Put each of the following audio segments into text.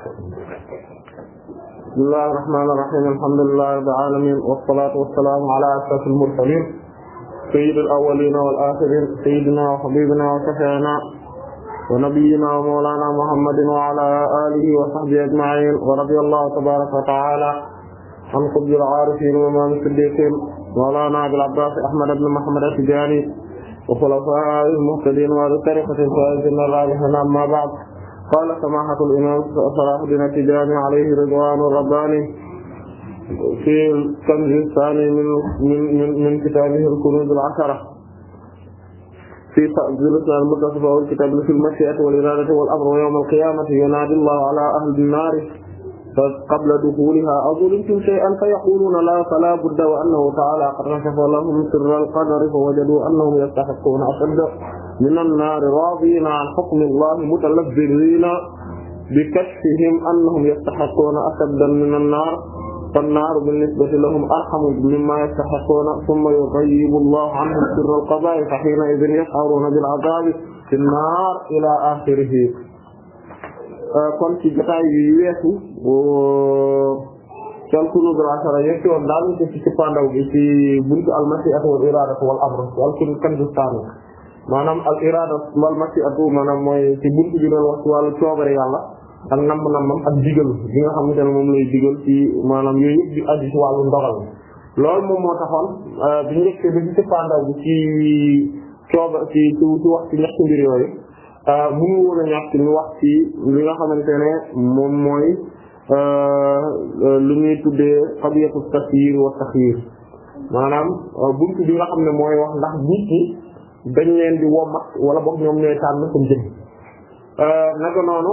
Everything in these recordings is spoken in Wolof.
bismillahir rahmanir rahim alhamdulillahi rabbil alamin wassalatu wassalamu ala ashrafil mursalin sayyidil awwalin wal akhirin sayyidina wa habibina wa shafi'ina wa nabiyyina wa mawlana muhammadin wa ala alihi wa sahbihi ajma'in wa radiyallahu tabaraka wa ta'ala an qutbil arifin wa imam siddiqin mawlana abil abbas ahmad ibn muhammad at-tijani wa khulafa'il muhtadin wa tariqatil faizin ar-rabihin amma ba'd qaala samaahatul imaam Salaahuddin At-Tijaani alayhi ridwaanu rabbaani fi al-kanz ath-thaani min min min kitaabihi al-kunuuz al-ashara fi al-isnaad al-muttasil fi al-kitaab fi al-mashii'ati wal-iraadati wal-amri wa yawm al-qiyaamati yunaadi Allaahu alaa ahli an-naar qabla duxuliha aw zulimtum shay'an fa yaquluna la fala budda wa annahu ta'ala qad kashafa lahum sirra al-qadari fa wajadu annahum yastahiquna ashadda min an-naari radina an hukmi llahi mutalabbirina bi kashfihim annahum yastahiquna ashadda min an-naar فالنار بالنسبة لهم أرحم مما يستحقون ثم يغيب الله عنهم سر القضاء فحينئذ يشعرون بالعذاب في النار إلى آخره kon ci jotaay yi weesu cal kunuz al ashara yegg woon daal ci ci pandaw gi ci buntu al mashi'atu wal iradatu wal amru wal kunuz kanzustani maanaam al irada wal mashi'atu maanaam mooy ci buntu bi doon wax ci wàllu coobare ak namb bi nga xamante ne moom ci maanaam yooyu yëpp di aju ci loolu moom moo taxoon euh, bi bi ci pandaw gi wax ci ñetti mbir yooyu euh, mënu nga xamante moom mooy. Euh, lu ñuy tuddee xabiyatu tasyiir wa taxyiir maanaam euh, buntu bi nga xam ne mooy wax ndax nit ñi dañ leen di womat wala boog ñoom ñooy tànn suñu jëm euh, naka noonu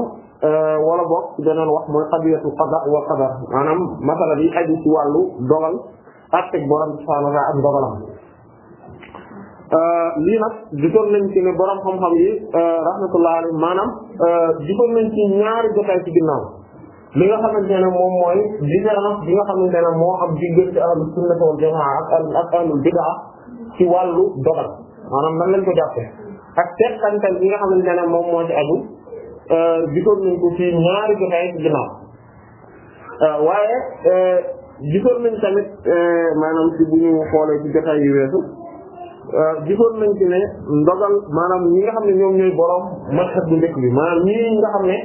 wala boog danañ wax mooy xabiyatu qada wa qadar maanaam masala bi aju ci wàllu dogal atteg borom subhaanahu wa ta'aala ak dogalam lii nag gisoon nañ ci ne borom xam-xam yi rahmatullahi alayhi maanaam gisoon nañ ci ñaari jotaay ci ginnaaw li nga xamante ne moom mooy différence bi nga xamante ne moo am diggante ahlu sunna wal jamaa ak ak ahlul bidaa ci wàllu dogal maanaam nan lañ ko jàppe ak teqantal bi nga xamante ne moom moo ci aju euh, gisoon nañ ko ci ñaari jotaay ci ginnaaw euh, waaye euh, gisoon nañ tamit maanaam ci bu ñu xoolee ci jotaay yu weesu gisoon nañ ci ne ndogal maanaam ñi nga xam ne ñoom ñooy borom masxat bu njëkk bi maanaam ñi nga xam ne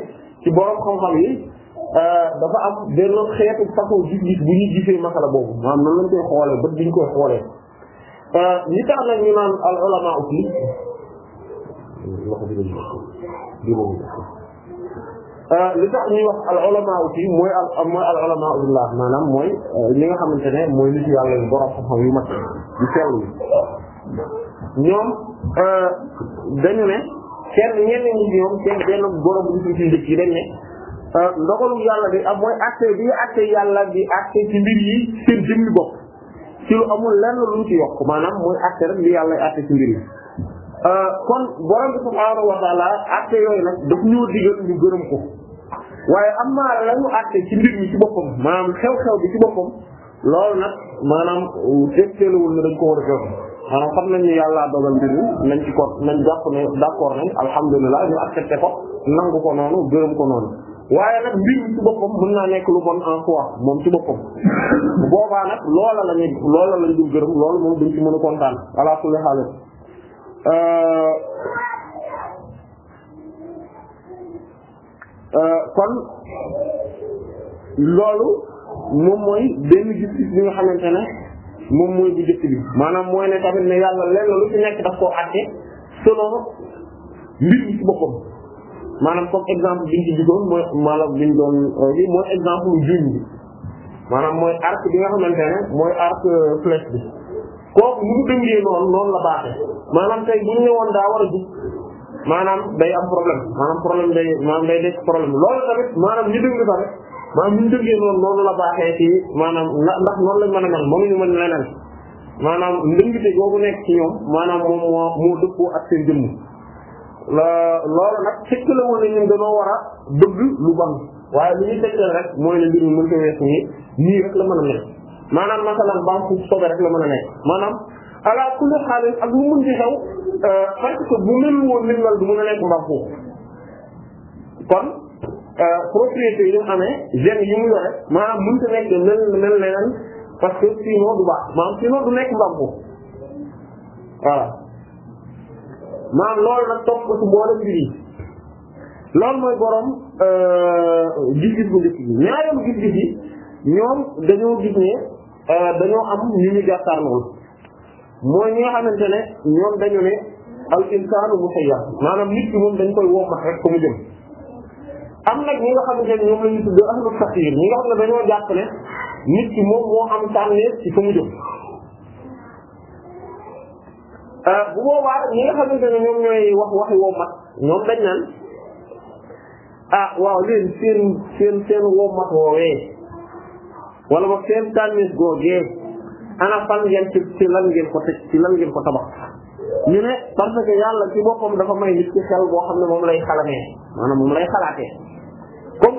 ci borom xam-xam yi Euh, dafa am benn xeetu façon gis-gis bu ñuy gisee masala boobu maanaam nan lañ koy xoolee bët bi ñu koy xoolee euh, li tax nag ñu naan al ulama aussi euh, wax al ulama aussi mooy al mooy al ulama maanaam mooy li nga xamante ne mooy nit yàlla yu borom xam-xam yu mat yu sell yi ñoom dañu ne kenn ñenn ñi ñoom seen benn borom bu ñu fi njëkk yi dañ ne Euh, ndogalu yàlla bi am mooy acte bi acte yàlla bi acte ci mbir yi amul lenn ci yokk maanaam mooy acte yàlla acte ci mbir euh, kon borom bi subhaanahu wa taala acte yooyu nag waaye am naa lañu acte ci mbir yi ci boppam maanaam xew-xew bi ci ko war a gërëm maanaam xam nañ ne yàlla dogal mbir mi nañ ko nañ jàpp ne d'accord nañ alhamdulilah ñu ko nangu ko noonu gërëm ko noonu waaye nag mbir mi ci boppam mën naa nekk lu bon en soi moom ci boppam bu boobaa nag lool la ñu loola lañ dul gërëm lool moom duñ ci mën a kontaan ala kulli haal euh, euh, kon loolu moom mooy benn gis-gis bi nga xamante ne moom mooy bu jëkk bi maanaam mooy ne tamit ne yàlla lenn lu ci nekk daf koo àtte selon mbir mi ci maanaam comme exemple bi ñu ci diggoon mooy maanaam bi ñu doon euh, mooy exemple juñ bi maanaam mooy arc bi nga xamante ne mooy arc euh, flèche bi kooku bu ñu dëngee noonu noonu la baaxee maanaam tey bu ñu ñëwoon daa war a jub maanaam day am problème maanaam problème day maanaam day nekk problème loolu tamit maanaam ñu dëng tamit maanaam ñu dëngee noonu noonu la baaxee ci maanaam ndax noonu lañ mën a mel mënuñu mën leneen maanaam ndëngte googu nekk ci maanaam moom moo moo dëppoo ak seen loolu nag tekki la woon ne ñun dañoo war a lu bon waaye li ñuy tekkeel rek mooy ne mbir mi mënta weesu nii nii la mën a nekk maanaam masalan ban fu la mën a nekk maanaam ala kulli xaal ak lu mën ci xew euh, parce que bu mel woon lim lal du mën a nekk mbaam foofu kon euh, propriété yi ñu amee gènes yi mu yore maanaam mënta nekk mel mel leneen parce que sinon du baax maanaam sinon du nekk mbaam foofu voilà maanaam lool nag topp ko ci boole mbir yi loolu mooy borom euh, gis-gis bu njëkk bi ñaareelu gis-gis yi ñoom dañoo gis ne euh, dañoo am ñu ñu jàkkaarlool mooy ñi nga xamante ne ñoom dañu ne al insaanu musayyar moom dañ koy wommax rek ko mu jëm am nag ñi nga xamante ne ñoom la ñu tudd ahlu faqiir ñi nga moom moo am tànneef ci fa mu jëm Euh, bu boobaa ñi nga xamante ne ñoom ñooy wax waxi wommat ñoom dañ naan ah waaw léen seen seen seen wommat woowee wala boog seen ana fan ngeen ci ci lan ngeen ko teg ci lan ngeen ko tabax ñu ne parce que yàlla ci boppam dafa may nit ci xel boo ne moom lay xalamee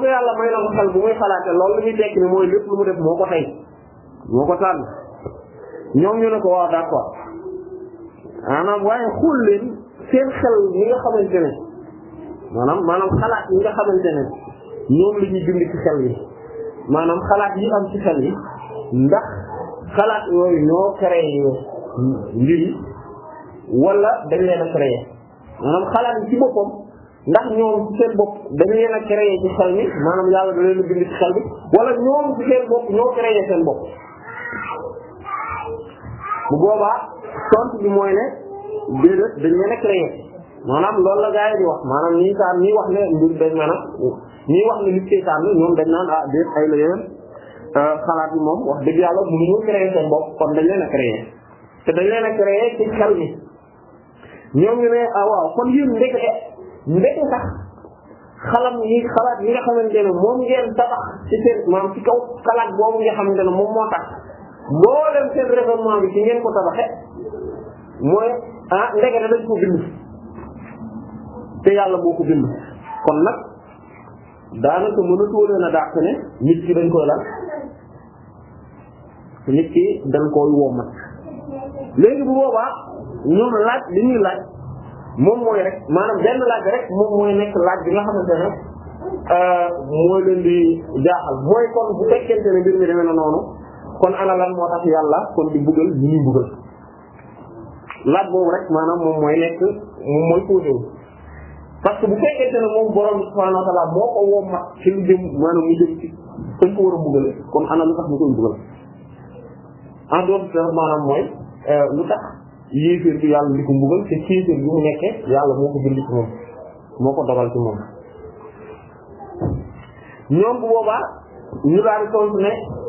yàlla may na ko loolu li muy tekki ne mooy lépp lu mu def moo ko tey moo ko tànn ñoom ko maanaam waaye xool leen seen xel ñi nga xamante ne maanaam maanaam xalaat yi nga xamante ne ñoom la ñuy dund ci xel yi maanaam xalaat yi am ci xel yi ndax xalaat yooyu ñoo créé mbir yi wala dañ leen a créé maanaam xalaat yi ci boppam ndax ñoom ci seen bopp dañ leen a créé ci xel mi maanaam yàlla da leen a bind ci xel bi wala ñoom ci seen bopp ñoo créé seen bopp bu boobaa tontu bi mooy ne déedéet dañ leen a créé maanaam loolu la gaa yi di wax maanaam ñii taan ñii wax ne mbir dañ maanaam ñii wax ne nit kay taan ñoom dañ naan ah déet ay la yeneen euh, xalaat yi moom wax dëgg yàlla mënuñu créé seen bopp kon dañ leen a créé te dañ leen a créé ci xel mi ñoom ñu ne ah waaw kon yéen ndekete ndekete sax xalam yi xalaat yi nga xamante ne moom ngeen tabax ci seen maanaam ci kaw xalaat boobu nga xamante ne moom moo tax mboolem seen raisonnement bi ci ngeen ko tabaxe mooy ah ndegete dañ ko bind te yàlla moo ko bind kon nag daanaka mën a tóolee na dàq ne nit ki dañ koy la nit ki dañ ko wommat léegi bu boobaa ñoom laaj li ñuy laaj moom mooy rek maanaam benn laaj rek moom mooy nekk laaj bi nga xamante ne euh, mooy leen di jaaxal mooy kon bu fekkente ne mbir mi na noonu kon ana lan moo tax yàlla kon di bugal ñu ñuy bugal laaj boobu rek maanaam moom mooy nekk moom mooy posé wu parce que bu fekkente ne moom borom subhanahu moo ko woo mat ci lu jëm mu jëm ci dañ ko war a bugale kon koy bugal en dehors de maanaam mooy euh, lu tax yéeféer bi yàlla di ko mbugal te kéeféer bi mu nekkee yàlla moo ko bind moo ko dogal ci moom ñoom bu boobaa ñu daal di ne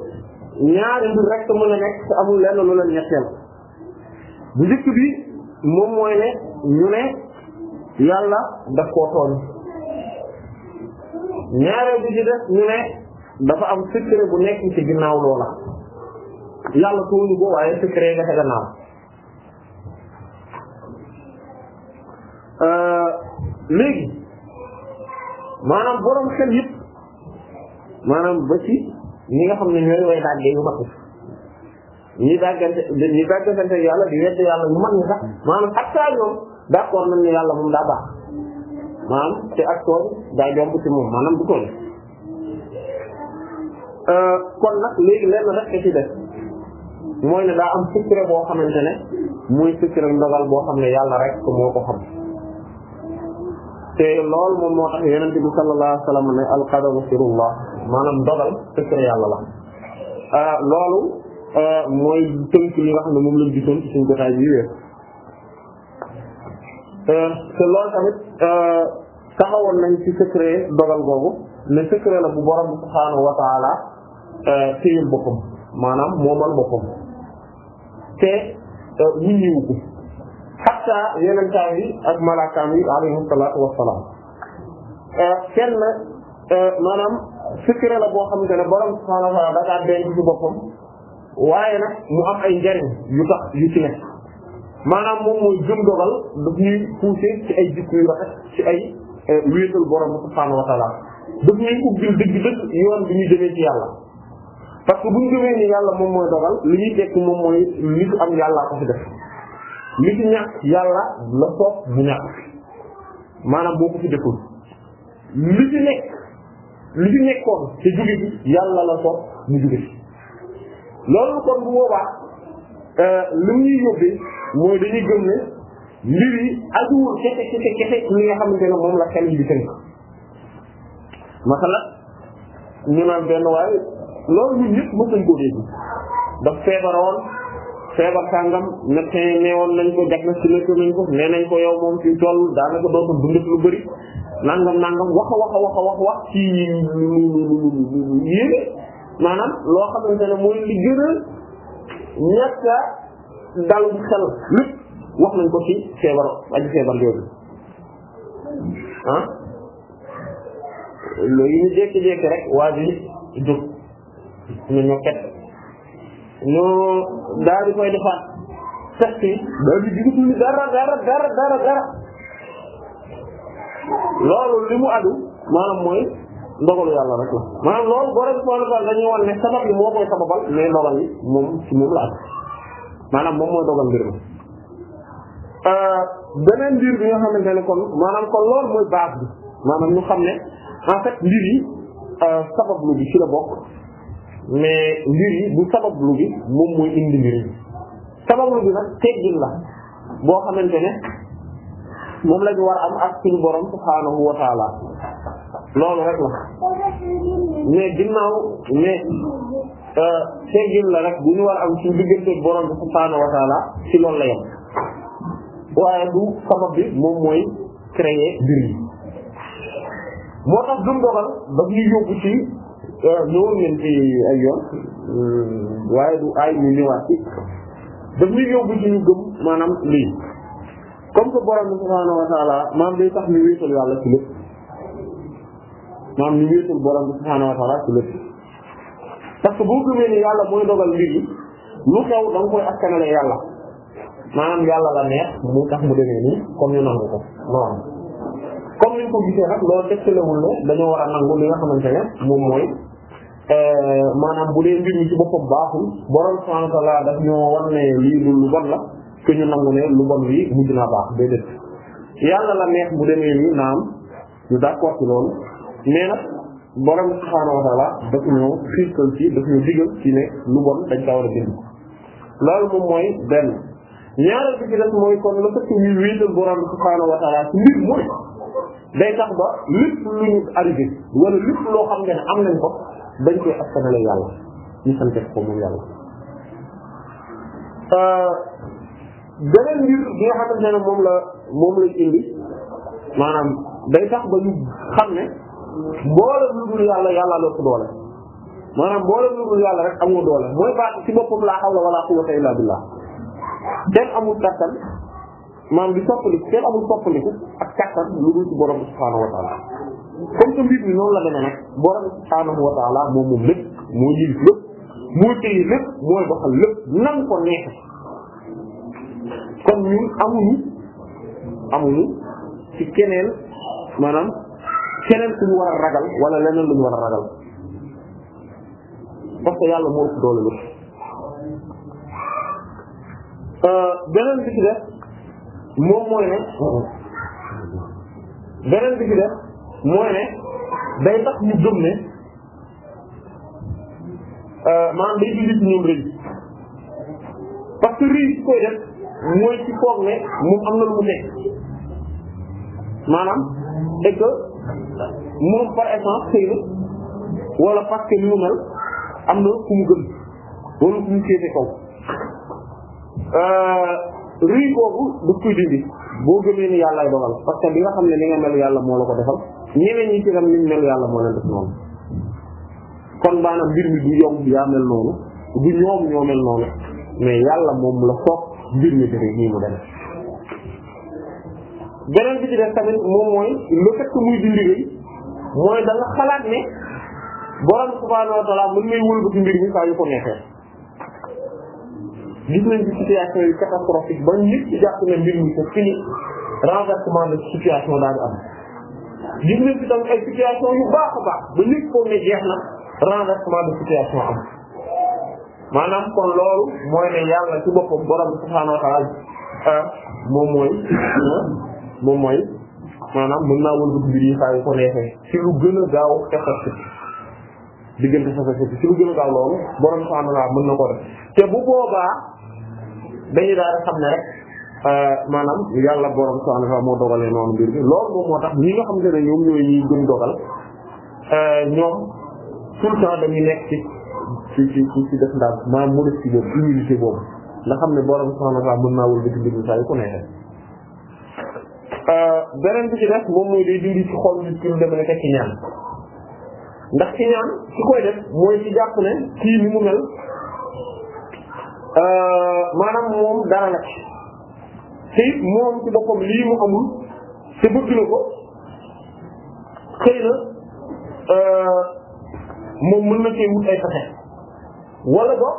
ñaari mbir rek mën a nekk te amul lenn lu leen ñetteel bu njëkk bi moom mooy ne ñu ne yàlla daf koo tooñ ñaareel bi ci def ñu ne dafa am secret bu nekk ci ginnaaw loola yàlla tooñu ko waaye secret nga ca gannaaw euh, léegi maanaam borom xel yëpp maanaam ba ñi nga xam ne ñooy way dàggee yu mat ñi dàggante ñi dàggante yàlla di wedd yàlla ñu mag ñi sax maanaam hatta ñoom d'accord nañ ne yàlla moom daa baax maanaam te ak tooñ daa jomb ci moom maanaam du tooñ euh, kon nag léegi lenn rek ci def mooy ne daa am secret boo xamante ne muy secret ndogal boo xam ne yàlla rek moo ko xam te loolu moom moo tax yonent bi sallallahu alayhi wa sallam ne al qadaru sirullah maanaam dogal secret yàlla la ah, loolu ah, mooy tënk li nga xam ne moom lañ gisoon ci suñu jotaay bi wéer ah, te loolu tamit taxawoon ci secret dogal googu ne secret la bu borom bi subhaanahu wa taala téyul boppam maanaam moomal boppam te wuññiwu ko hatta yenentaan yi ak malaakaam yi alayhim salaatu wassalaam euh, kenn euh, maanaam secret la boo xamante ne borom subhaanahu wa ta'aala waaye nag mu ay njariñ yu tax yu ci nekk maanaam moom mooy gëm daf ñuy pousser ci ay jikko yu rafet ci ay euh, wéetal borom subhaanahu wa ta'aala daf ñuy ubbil dëgg-dëgg yoon bi ñu jëmee ci yàlla parce que bu ñu jëmee ni yàlla moom mooy dogal li ñuy tekk moom mooy li am yàlla ko fi def li ci ñàkk yàlla la soob bu ñàkk maanaam boo ko fi deful li ci nekk li ci nekkoon te jóge fi yàlla la soob mu jóge fi loolu kon bu boobaa euh, li ñuy yóbbee mooy dañuy gëm ne mbir yi ajuwul kese kese kese li nga xamante ne moom la xel yi di tënk masala ñu naan benn waaye loolu ñun ñëpp mën nañ koo dégg daf feebaroon feebar sàngam médecin neewoon nañ ko diagnostiqué nañ ko nee nañ ko yow moom ci tool daanaka doo ko dundut lu bëri nangam nangam wax a wax a wax a wax wax ci yéene maanaam loo xamante ne mooy li gën a ñàkk a dalum xel lépp wax nañ ko ci feebar aji feebar jooju ah loolu ñu jékki-jékki rek waa ji jóg ñu ñoo ket ñu daal di koy defaat test yi daal di gisatul dara dara dara dara dara loolu li mu adu maanaam mooy ndogalu yàlla rek la maanaam loolu borom subhanahu wa ta'ala dañuy wan ne sabab yi moo koy sababal mais ndogal yi moom ci moom la am maanaam moom mooy dogal mbir mi euh, beneen mbir bi nga xamante ne kon maanaam kon loolu mooy base bi maanaam ñu xam ne en fait mbir yi euh, sabab lu bi ci la bokk mais mbir yi du sabablu bi moom mooy indi mbir yi sabablu bi nag teggin la boo xamante ne moom la war am ak suñu borom subhaanahu wa taala rek la mais ginnaaw mais euh, teggin la rek bu ñu borom subhaanahu wa taala ci loolu la yem waaye bi moom mooy créer mbir yi moo tax duñ dogal daf ñëwoon ngeen ci ay yoon euh, waaye du ay ñu ñëwaat ci daf ñuy yóbbu ci ñu gëm maanaam lii comme que borom bi subhaanahu wa taala maam day tax ñu wéetal yàlla ci lépp maam ñu wéetal borom bi subhaanahu wa taala ci lépp parce que boo gëmee ni yàlla mooy dogal mbir yi lu xew da nga koy askanale yàlla maanaam yàlla la neex mu tax mu demee nii comme ñu nangu ko noonu comme ni ñu ko gisee nag loolu tegtalewul ne dañoo war a nangu li nga xamante ne moom mooy Euh, maanaam bu dee mbir mi ci boppam baaxul borom subhanahu wa daf ñoo war ne lii lu lu bon la que ñu nangu ne lu bon lii mujj naa baax déedéet yàlla la neex mu demee nii naam ñu d'accord ci loolu mais borom subhanahu wa daf ñu xiirtal ci daf ñoo digal ci ne lu bon dañ kaa war a bind loolu moom mooy benn ñaareel bi ci des mooy kon la fekk ñuy ci mbir mooy day tax ba lépp lu ñu arrivé wala lépp loo xam ne am nañ ko dañ koy askanale yàlla ñu sante ko moom yàlla euh, beneen mbir bi nga xamante ne moom la moom lay indi maanaam day tax ba ñu xam ne mboolem lu dul yàlla yàlla la doole maanaam mboolem lu dul yàlla rek amoo doole mooy baat ci boppam laa hawla wala quwwata illa billah kenn amul kattan maanaam di soppali kenn amul soppaliku ak kattan lu dul ci borom subhaanahu wa ta'ala comme que mbir mi noonu la demee nag borom subhaanahu wa moom moom lépp moo yilif lépp moo téye lépp mooy doxal lépp nan ko neexe kon ñun amuñu amuñu ci keneen maanaam keneen suñu war a ragal wala leneen lu war a ragal parce yàlla moo ëpp doole lépp euh, beneen bi ci def moom mooy ne beneen bi ci def mooy ne day tax ñu gëm ne euh, maanaam day dindi ci ñoom rëy parce que rëy koy def mooy am na lu mu nekk maanaam et que moom par exemple xëy na am na ku euh, dindi boo gëmee ni yàllaay dogal parce que li nga xam ne li nga mel yàlla moo la ko defal ñeneen ñi ci ram niñ mel yàlla moo leen def noonu kon maanaam mbir mi du yow yaa mel noonu du ñoom ñoo noonu mais yàlla moom la soog mbir mi demee nii mu demee beneen bi ci def tamit moom mooy le fait que muy dindi rëy mooy da nga xalaat ne borom subhaanahu wa ta'ala mën nay wëlbati mbir mi saa yu ko gis nañ ci situation yu catastrophique ba nit ci jàpp ne mbir mi c'est fini renversement de situation daal di am gis nañ ci tam ay situation yu baax a baax ba nit foog ne jeex na renversement de situation am maanaam kon loolu mooy ne yàlla ci boppam borom subhaanahu wa ta'ala ah moom mooy moom mooy maanaam mën naa wëlbati mbir yi saa yu ko neexee ci lu gën a gaaw te xas diggante sa sa si lu gën a gaaw loolu borom subhaanahu wa ta'ala mën na ko def te bu boobaa dañuy daal xam ne rek. Euh, maanaam yàlla borom subhanahu wa ta'ala moo dogalee noonu mbir bi loolu moom moo tax ñi nga xam te ne ñoom ñooy ñuy gëm dogal euh, ñoom tout le temps dañuy nekk ci ci ci ci def ndax maanaam modestie boobu humilité boobu nga xam ne borom subhanahu wa ta'ala mën naa wul di mbir mi saa yu ko neexee. Euh, beneen bi ci def moom mooy day dindi ci xol nit ki lu demee nekk ci ñaan ndax ci ñaan ci koy def mooy ci jàpp ne kii ni mu mel maanaam moom dara la ci. te moom ci boppam lii mu amul te bëgg na ko xëy na euh, moom mën na cee wut ay fexe wala ba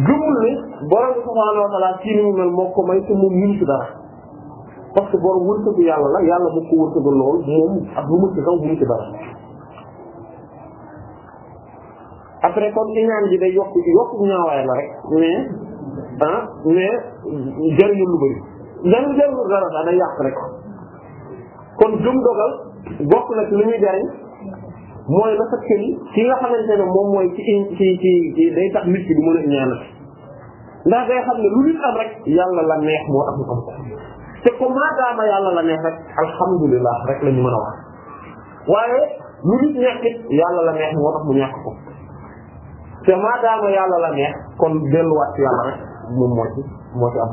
gëmul ne borom subhaanahu wa ta'aala ni mu mel moo ko may te moom mënu dara parce que borom wërsëgu yàlla la yàlla bu ko wërsëgu lool moom ak lu mu ci kaw mënu ci dara. après kon iñaan ji day yokk yokk ñaawaay la rek mais. ah mais jariñu lu bëri dañu jariñu dara daanay yàq rek kon gëm dogal bokk na ci li muy jariñ mooy la fekk ni ki nga xamante ne moom mooy ci ci ci day tax nit du mën a ñaanal ndax day xam ne lu nit am rek yàlla la neex moo tax mu am ko te ko maadaama yàlla la neex a wax waaye lu la mu ñàkk ko te yàlla la kon delluwaat yàlla rek moom moo ci moo am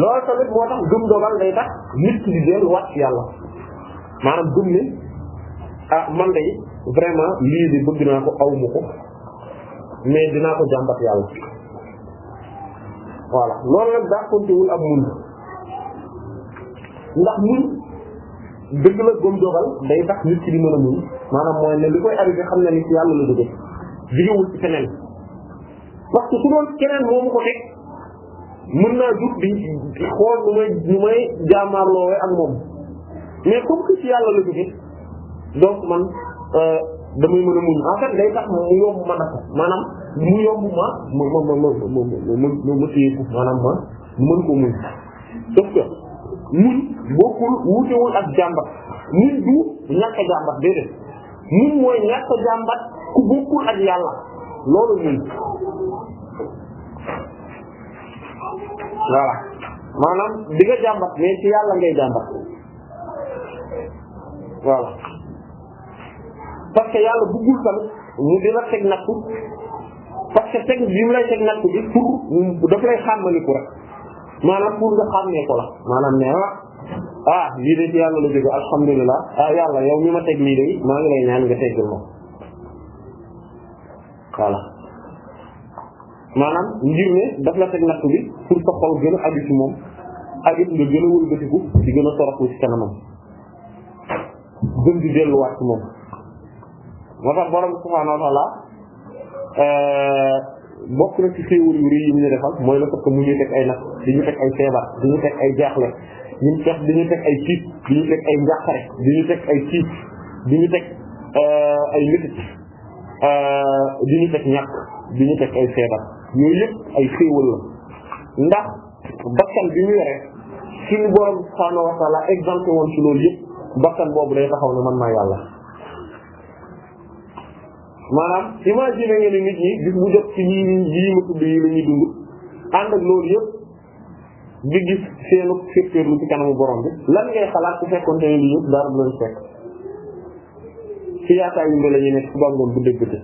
loolu tamit moo tax gëm dogal day tax nit ki di dellu waat ci yàlla maanaam gëm ne ah man day vraiment lii di bëgg naa ko aw ma ko mais dinaa ko jàmbat yàlla voilà loolu nag daa kontiwul ak muñ ndax muñ dëgg la gëm dogal day tax nit ki di mën a muñ maanaam mooy ne li koy arrivé xam na ni ci yàlla la jóge jógewul ci feneen parce que su doon keneen moomu ko teg mën naa jug di xool nu may nu may jaamaarloowe ak moom mais comme que ci yàlla la jóge donc man damay mën a muñ en fait day tax mu yomb ma naka maanaam mu yomb ma ma ma ma ma ma ma téye ko maanaam ma mën ko muñ sauf que muñ bokkul wutewul ak jàmbat muñ du ñàkk a jàmbat déedéet muñ mooy ñàkk a jàmbat ku bokkul ak yàlla loolu ñun voilà maanaam di nga jàmbat mais ci yàlla ngay jàmbat voilà parce que yàlla bëggul tamit mu di la teg nattu parce que teg bi mu lay teg nattu bi pour daf lay xàmmaliku pour nga xàmmee ko la maanaam ne ah lii de ci yàlla la jóge alhamdulilah ah yàlla yow mi ma teg lii de maa ngi lay ñaan nga teggal ma voilà maanaam ngir ne daf la teg natt bi pour sa xol a aju moom ak it nga gën a wëlbatiku di gën a toroxlu ci kanamam gën di delluwaat ci moom moo tax borom subhaanahu wa ta'ala euh, bokk na ci xéewal yu rëy yi ñu defal mooy la parce que mu ñuy teg ay natt di ñu teg ay feebar di ñu teg ay jaaxle di ñu teg di ñu ay tiit di ñu teg ay njàqare di ñu teg ay tiit di ñu teg euh, ay métit Euh, di ñu teg ñàkk di ñu teg ay feebar yooyu yëpp ay xéewal la ndax bakkan bi ñu yore suñu borom subhaanahu wa ta'ala exempté woon ci loolu yëpp bakkan boobu day taxaw ne man maa yàlla maanaam imagine ngeen ne nit ñi gis bu jot ci yii yii ma tudd yi la ñuy dund ànd ak loolu yëpp di gis seenu firtéerlu ci kanamu borom bi lan ngay xalaat su fekkoon te ne lii yëpp dara du fekk ci yaakaar yumbe la ñuy nekk suba bu dégg te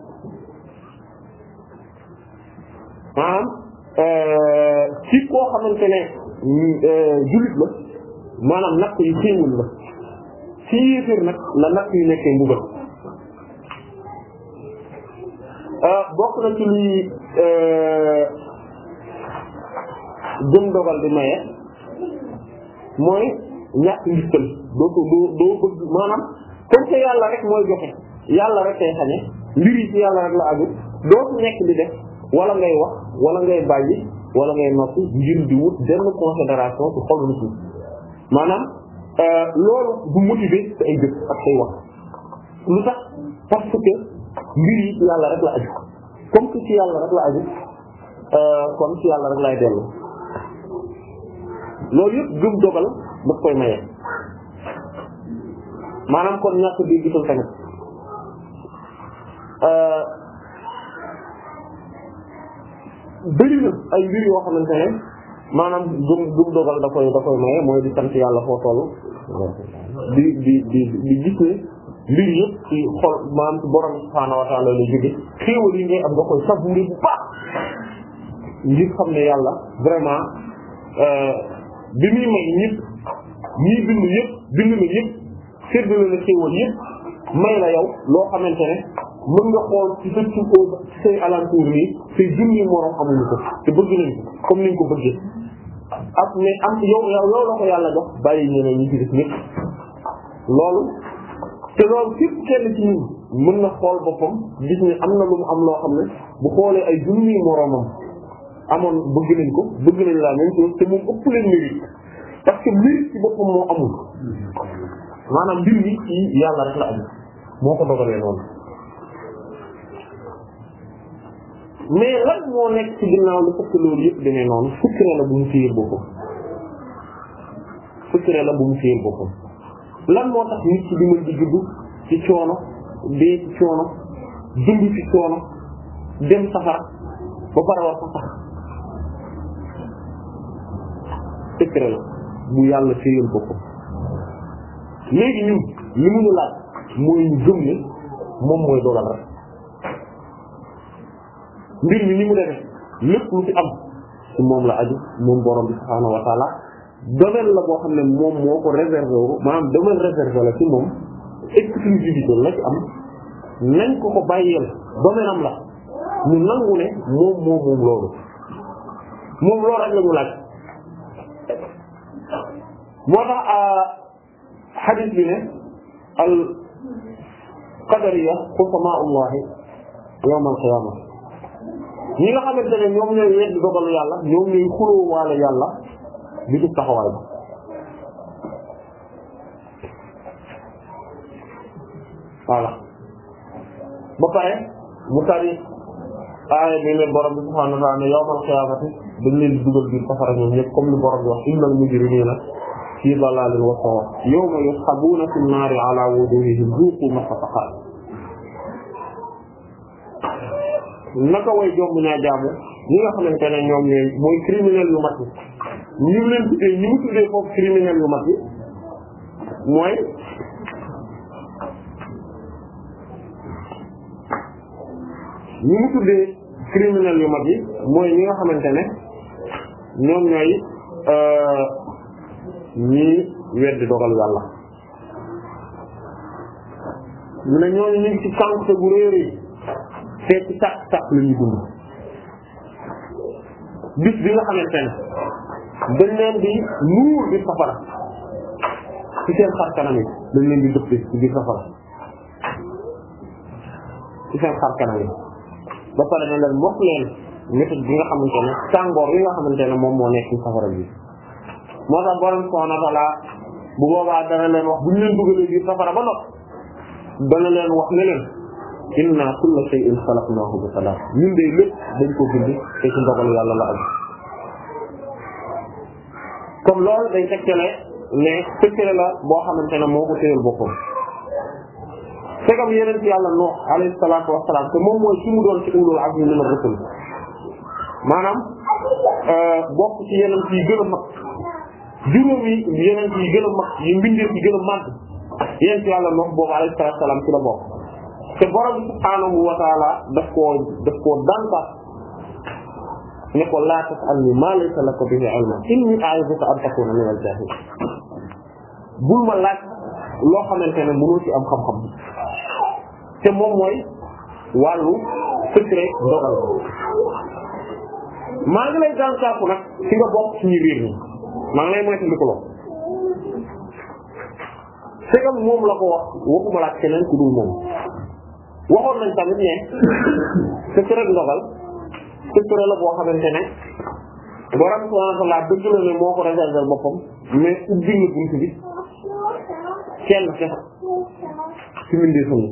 maanaam euh, ci koo xamante ne euh, jullit la maanaam natt yu siiwul la ci yéeféer nag la natt yu nekkee mbugal euh, bokk na ci li gëm dogal di maye mooy ñàkk ngistal doo ko doo bëgg maanaam comme que yàlla rek mooy joxe yàlla rek tay xañe mbir yi ci yàlla rek la aju dootu nekk di def wala ngay wax wala ngay bàyyi wala ngay noppi ngir di wut benn considération ci xolu nit ñi maanaam euh, loolu bu motiver sa ay jëf ak say wax lu tax parce que mbir ci yàlla rek la aju comme que ci yàlla rek la aju euh, kon ci yàlla rek lay dellu loolu yëpp gëm dogal daf koy maye maanaam kon ñàkk bi gisul tamit euh, bëri na ay mbir yoo xamante ne maanaam gëm gëm dogal da koy da koy maye mooy di sant yàlla foo toll di di di di gis ne mbir yëpp ci xol maanaam ci borom subhaanahu wa ta'ala lay jóge xéewal yi ngay am nga koy savouré bu baax ngir xam ne yàlla vraiment euh, bi muy may ñëpp ñii bind ñëpp bind na ñëpp séddale la xéewal yëpp may la yow loo xamante ne mën nga xool ci sa ci say alentour nii say junni moroom amuñu ko te bëgg nañ ko comme ko bëggee ak mais am yow la ko yàlla jox bàyyi ñeneen ñi ci def loolu te ci ñun mën na xool boppam gis ne am na lu mu loo xam ne bu xoolee ay junni moroomam amoon bëgg nañ ko bëgg nañ laa ëpp leen mérite parce que mérite ci boppam moo amul maanaam mbir mi ci yàlla rek la am moo ko dogalee noonu mais lan moo nekk ci ginnaaw lu fukk loolu yëpp demee noonu secret la bu mu téyeel boppam secret la bu mu téyeel boppam lan moo tax nit ci dimal di juddu ci coono dee ci coono dund ci coono dem safara ba pare ko sax secret la bu yàlla téyeel boppam léegi ñun li mu ñu laaj mooy ñu gëm ne moom mooy dogal rek mbir mi ni mu demee lépp lu fi am ci moom la aju moom borom bi subhaanahu wa domaine la boo xam ne moom moo ko réservé wu maanaam domaine réservé la ci moom exclusivité la ci am nañ ko ko bàyyeel domaine am la ñu nangu ne moom moom loolu moom loolu rek la laaj moo tax euh, xadis bi ne al qadariya xusamaa ullahi yawm al qiyaama ñi nga xamante ne ñoom ñooy weddi dogalu yàlla ñoom ñooy xuloo waale yàlla bi du taxawaay bi voilà ba pare mu tari aaya bi ne borom bi subhaanahu wa ta'aala ne yawmal qiyaamati dañ leen di dugal biir safara ñoom ñëpp comme li borom bi wax innal mujrimiina fii dalaalin wa sawa yawma yushabuuna fi naari alaa wujuuhihim zuuquu massa naka way jomb ñaa jaamu ñi nga xamante ne ñoom ñooy mooy criminel yu mag yi ñu mu tuddee foofu criminel yu mag yi mooy ñu mu tuddee criminel yu mag yi mooy ñi nga xamante ñoom ñooy euh, ñii weddi dogal yàlla mu ne ñooñu ñu ci sànq bu te ci sàq sàq la ñuy dund bis bi nga ne dañ leen di nuur bi safara ci seen xar kanam yi dañ leen di dëppee ci biir safara ci seen xar kanam yi ba pare na leen wax leen méthode bi nga xamante ne tàngoor yi nga xamante ne moom moo nekk ci safara bi moo tax borom subhaanahu wa ta'aala bu boobaa dana leen wax bu ñu leen dugalee biir safara ba noppi dana leen wax ne leen inna kulla shay'in khalaqnaahu bi qadar ñun de lépp dañ ko bind te ci ndogal yàlla la am comme loolu day tegtale ne fekkere la boo xamante ne moo ko téyel boppam fekam yeneen ci yàlla Nuux alayhi salaat wa salaam moo moom mooy ci mu doon ci ulul azmi min ar-rusul maanaam euh, bokk ci yeneen ci gën a juróom yi yeneen yi gën a mag yi mbindeef yi gën a mag yéen ci yàlla noonu boobu alayhi salaatu salaam ci te borom subhaanahu wa daf koo daf ne ko laa tas'alnii maa laysa laka bihi ilmun innii a'izuka an takuuna minal jaahiliin bul ma laaj loo xamante ne mënoo ci am xam-xam te moom mooy wàllu secret ndogal maa ngi lay dànkaaku nag ci nga bokk suñu réer maa ngi lay moytandiku lool. segam moom la ko wax la ak keneen ku dul moom waxoon nañ tamit ne secret ndogal secret la boo xamante ne borom subhanahu wa ta'ala dëgg la ne moo ko réservé boppam mais ubbi na buntu bi kenn kefa ci mbindee sunu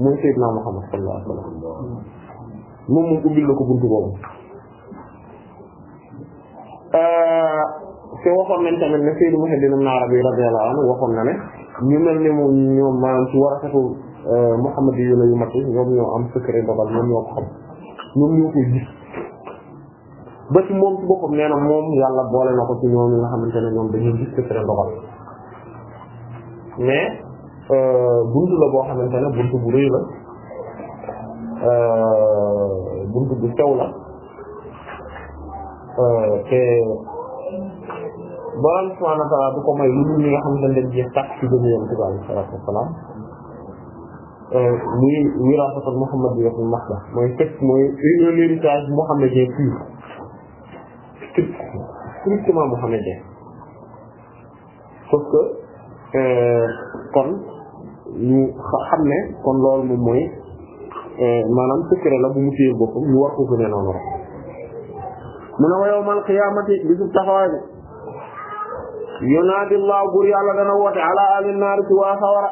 mooy Seydina Muhammad sallallahu alayhi wa moom moom ubbil na ko buntu boobu Euh, te waxoon nañ tamit ne Sayyid Muhammad ibn Arabi radiyallahu anhu waxoon na ne mel ni euh, yu la yu mat ñoom ñoo am secret dogal ñoom ñoo ko xam ñoom ñoo koy gis ba ci moom ci boppam nee na yàlla boole na ko ci ñoom ñi nga xamante ne ñoom dañuy gis euh, buntu la boo xamante ne buntu bu rëy la buntu bu sew la. te borom subhanahu wa ta'ala ko may lu dul li nga xam ne dañ jeex tàkk ci gëm yonent bi alayhi salaatu wa salaam muy wiraasatul muhammadiyatul mahda mooy teg mooy un héritage mohammédien pur strict strictement mohammédien sauf que euh, kon ñu xam ne kon loolu moom mooy euh, maanaam secret la bu mu téye boppam ñu war ko gënee noonu rek mu ne wa yawmal qiyaamati bisub taxawaay bi yunaadillaahu buur yàlla dana woote ala ahli naar ci waa sawara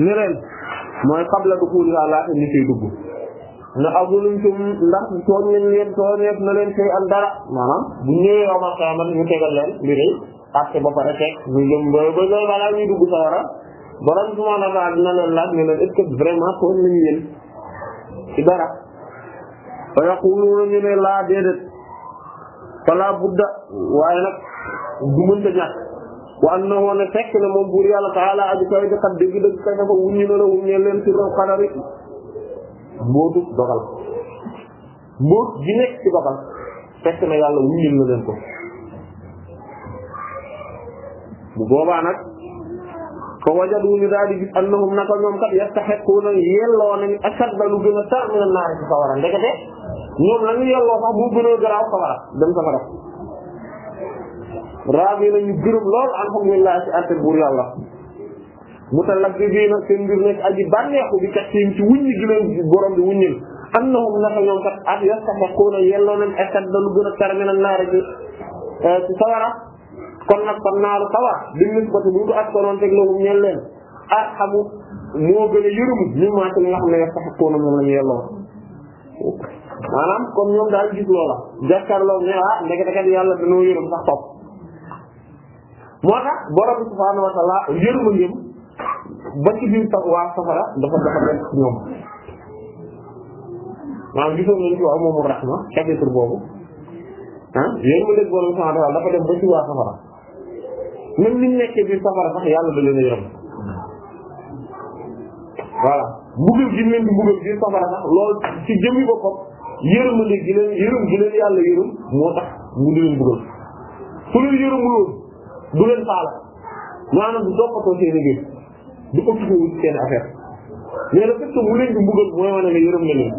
ni leen mooy qabla duxuulihaa laata ni koy dugg na azlimtum ndax tooñ nañ leen tooñeef na leen koy an dara maanaam bu ñëwee yawmal qiyaamati ñu tegal mbiri parce ba pare teg ñu jëm ba ba loolu balaa ñuy dugg sawara borom subhaanahu wa ta'aala dina leen laaj ne leen est-ce que vraiment dara fa yaquluuna ñu laa déedéet fala budda waaye nag du mënta ñàkk wa annahu ne fekk ne moom buur yàlla taala aju kawe di xat dëgg dëgg kañ fa na la wuññee leen ci raw xadari mbootu dogal mbóot gi nekk ci dogal fekk na yàlla wuññil na leen ko bu boobaa nag fa wajadu ñu daal di gis annahum naka ñoom kat yastahiquna yelloo nañu ashadda lu gën a tar min an-naar ci sawara ndekete ñoom la ñu yelloo sax bu gënoo garaaw safara dem safara raab yi nañu gërëm lool alhamdulilah ci àtte buur yàlla mutalabbibiina seen mbir nekk aji bànneexu bi kat ci wuññi gi leen borom bi wuññil annahum naka ñoom kat ak ah, yastaxiquuna yelloo nañ gën a tar mina naar ci eh, ci sawara kon nag kon naaru sawar di nisbati bu ñu ko askanoon teg loolu ñeel leen arhamu moo gën a yërëmu ñu maa ci nga xam ne yastaxiquuna moom la ñu maanaam comme ñoom daal di gis loola jàkkaarloo ne ah ndekete yàlla dañoo yërëm sax topp moo tax borom bi subhaanahu wa ta'ala yërmandeem ba ci biir sax waa safara dafa dafa nekk ci ñoom maanaam gisoon nañu ci waa moomu rahma chapitre boobu ah yërmandeem borom bi subhaanahu wa ta'ala dafa dem ba ci waa safara même ni mu nekkee biir safara sax yàlla da leen a yërëm voilà mbugal gi leen di mbugal biir safara sax loolu ci jëmmi boppam yërmande gi leen yërëm gi leen yàlla yërëm moo tax mu di leen bëggal su leen yërëmul woon du leen faala maanaam du toppatoo seen i biir du occupé wu seen affaire mais le fait que mu leen di bëggal mooy wane ne yërëm nga leen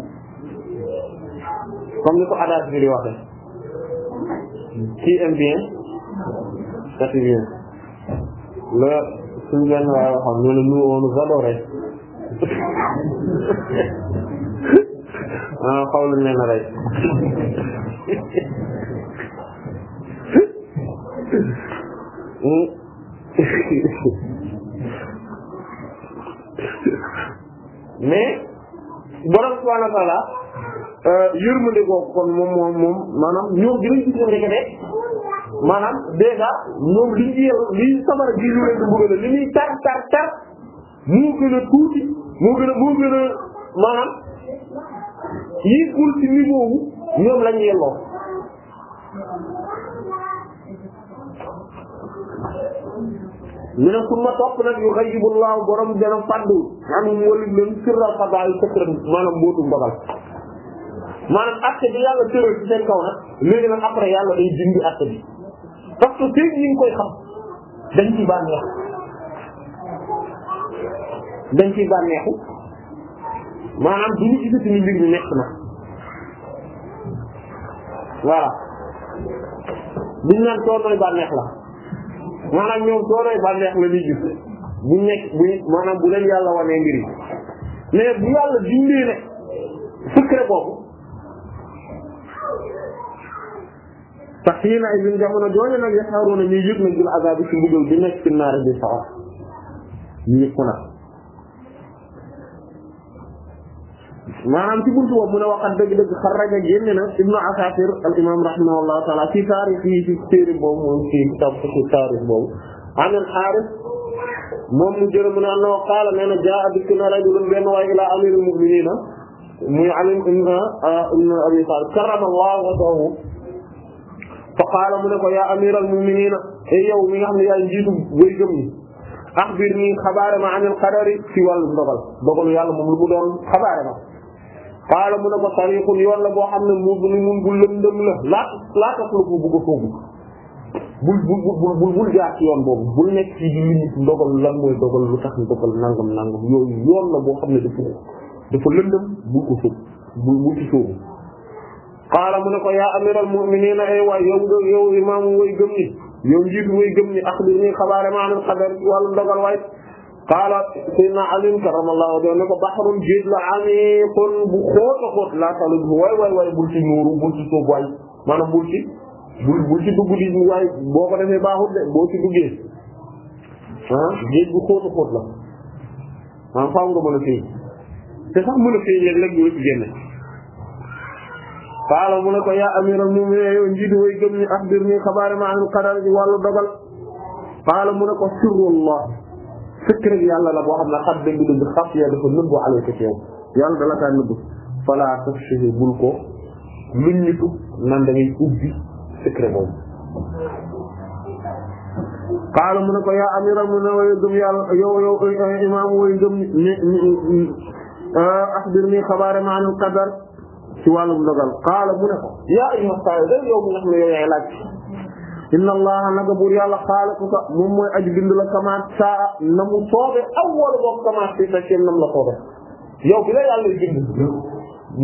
comme ni ko adage bi di waxee qui aime bien châtie bien la suñu benn waaye waxoon ne la nous on Ah, xaw lañ leen a rey mais borom subhaanahu wa ta'aala euh, yërmande googu kon moom moom moom maanaam ñoom dinañ gis ne ndekete maanaam déjà moom liñ ci li sabar gi ñu leen di mbugal li muy tar tar tar moo gën a tuuti moo gën a moo gën a maanaam yéegul ci niveau ñoom lañ yelloo ñu ne su ma topp nag yu xayibu laaw borom dana fàddu maanaam wali leen sirral xabaar yi sëkkëram maanaam mbootum mbagal maanaam acte bi yàlla tëral ci seen kaw nag léegi nag après yàlla day dindi acte bi parce que feeg ñi ngi koy xam dañ ci bànneexu dañ ci bànneexu maanaam du ñu gisati ni mbir mi nekk na voilà buñ naan coonoy bànneex la maanaam ñoom coonoy bànneex la ñuy gis bu nekk bu maanaam bu leen yàlla wanee mbir yi mais bu yàlla dindee ne secret boobu tax yii na ay liñ jamono jooju nag yaxaaroona ñuy jul azab bi ci mbugal bi nekk ci naara bi sawar ñëpp na maanaam ci buntu boobu mu ne waxat dëgg-dëgg xaraja génne na ibnu asakir al imam rahimahullahu taala ci taarix yi ci téere boobu moom ci kitab ci taarix boobu anil xaaris moom mu jërë mu ne anna qaala nee na jaa dikk na rajulun benn waay ila amirul muminina muy alim ibn uh, ibn abi talib karamallahu wajhahu fa qaala mu ne ko yaa amiral muminina e yow mi nga xam ne yaay njiitu way gëm ñi axbir nii xabaare ma anil qadari ci wàllu ndogal dogal yàlla moom lu mu doon xabaare ma xaala mu ne ko sariixun yoon la boo xam ne mu bu mun bu lëndëm la laa laataf la ko bëgg a bul bul bul bul bul yoon boobu bul nekk ci di limit ndogal lan mooy dogal lu tax ndogal nangam nangam yoon la boo xam ne dafa dafa lëndëm bul ko bul bul ci sóobu mu ne ko ya amiral mu'minin ay yow nga yow imaamu ni yow njiitu way gëm ni axbir ni xabaare maanal xadar wàllu ndogal waay qaala sayyidina Ali karamallahu wajhahu ne ko bahrun géej la amiqun bu xóot a xóot laa taluhu waay waay waay bul ci ñuuru bul ci sóobu waay maanaam bul ci bul bul ci dugg di waay boo ko defee baaxul de boo ci duggee ah géej bu xóot a xóot la maanaam faaw nga mën a téye te sax mën a téye léeg-léeg ñu ci génne. qaala mu ne ko yaa amiral mu'minin yow njiitu way gëm ñi axbir nii xabaar ma an qadar ji wàllu dogal qaala mu ne ko sirrullah secret yàlla la boo xam ne xat dëgg dëgg xas ya dafa nëbbu alayka ci yow yàlla dala kaa nëbbu fala tafshihi bul ko luñ nitu nan da ngay ubbi secret boobu qaala mu ne ko yaa amiral mu ne way gëm yàlla yow yow imaam way gëm ah, axbir nii xabaare ma anil qadar ci wàllum dogal qaala mu ne ko yaa ayyuha saa'il yow mi nga xam ne yow yaay laaj inna allaha naga buur yàlla xaalaku ka moom mooy aji bind la kamaat saa na mu soobe aw wala boog kamaat fi sa seen nam la soobe yow bi la yàlla bind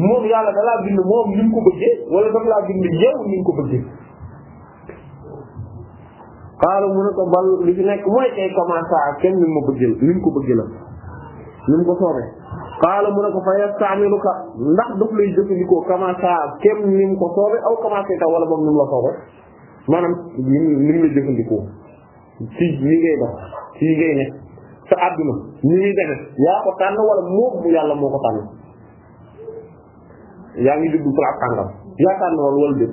moom yàlla da laa bind moom ni mu ko bëggee wala daf laa bind yow ni mu ko bëggee xaala mu ne ko bal li fi nekk mooy kay kamaat saa kenn ni mu bëggee ni mu ko bëggee la ni mu ko soobe xaala mu ne ko fa yastamilu ka ndax daf lay jëfandikoo kamaat saa kenn ni mu ko soobe aw kamaat fi ta wala boog ni mu la soobe maanaam ni ni mu jëfandikoo ci ñi ngay dox ci ñi ngay nekk sa àdduna ñi ngi def yaa ko tànn wala moom yàlla moo ko tànn yaa ngi dugg place tàngam yaa tànn wala wala déet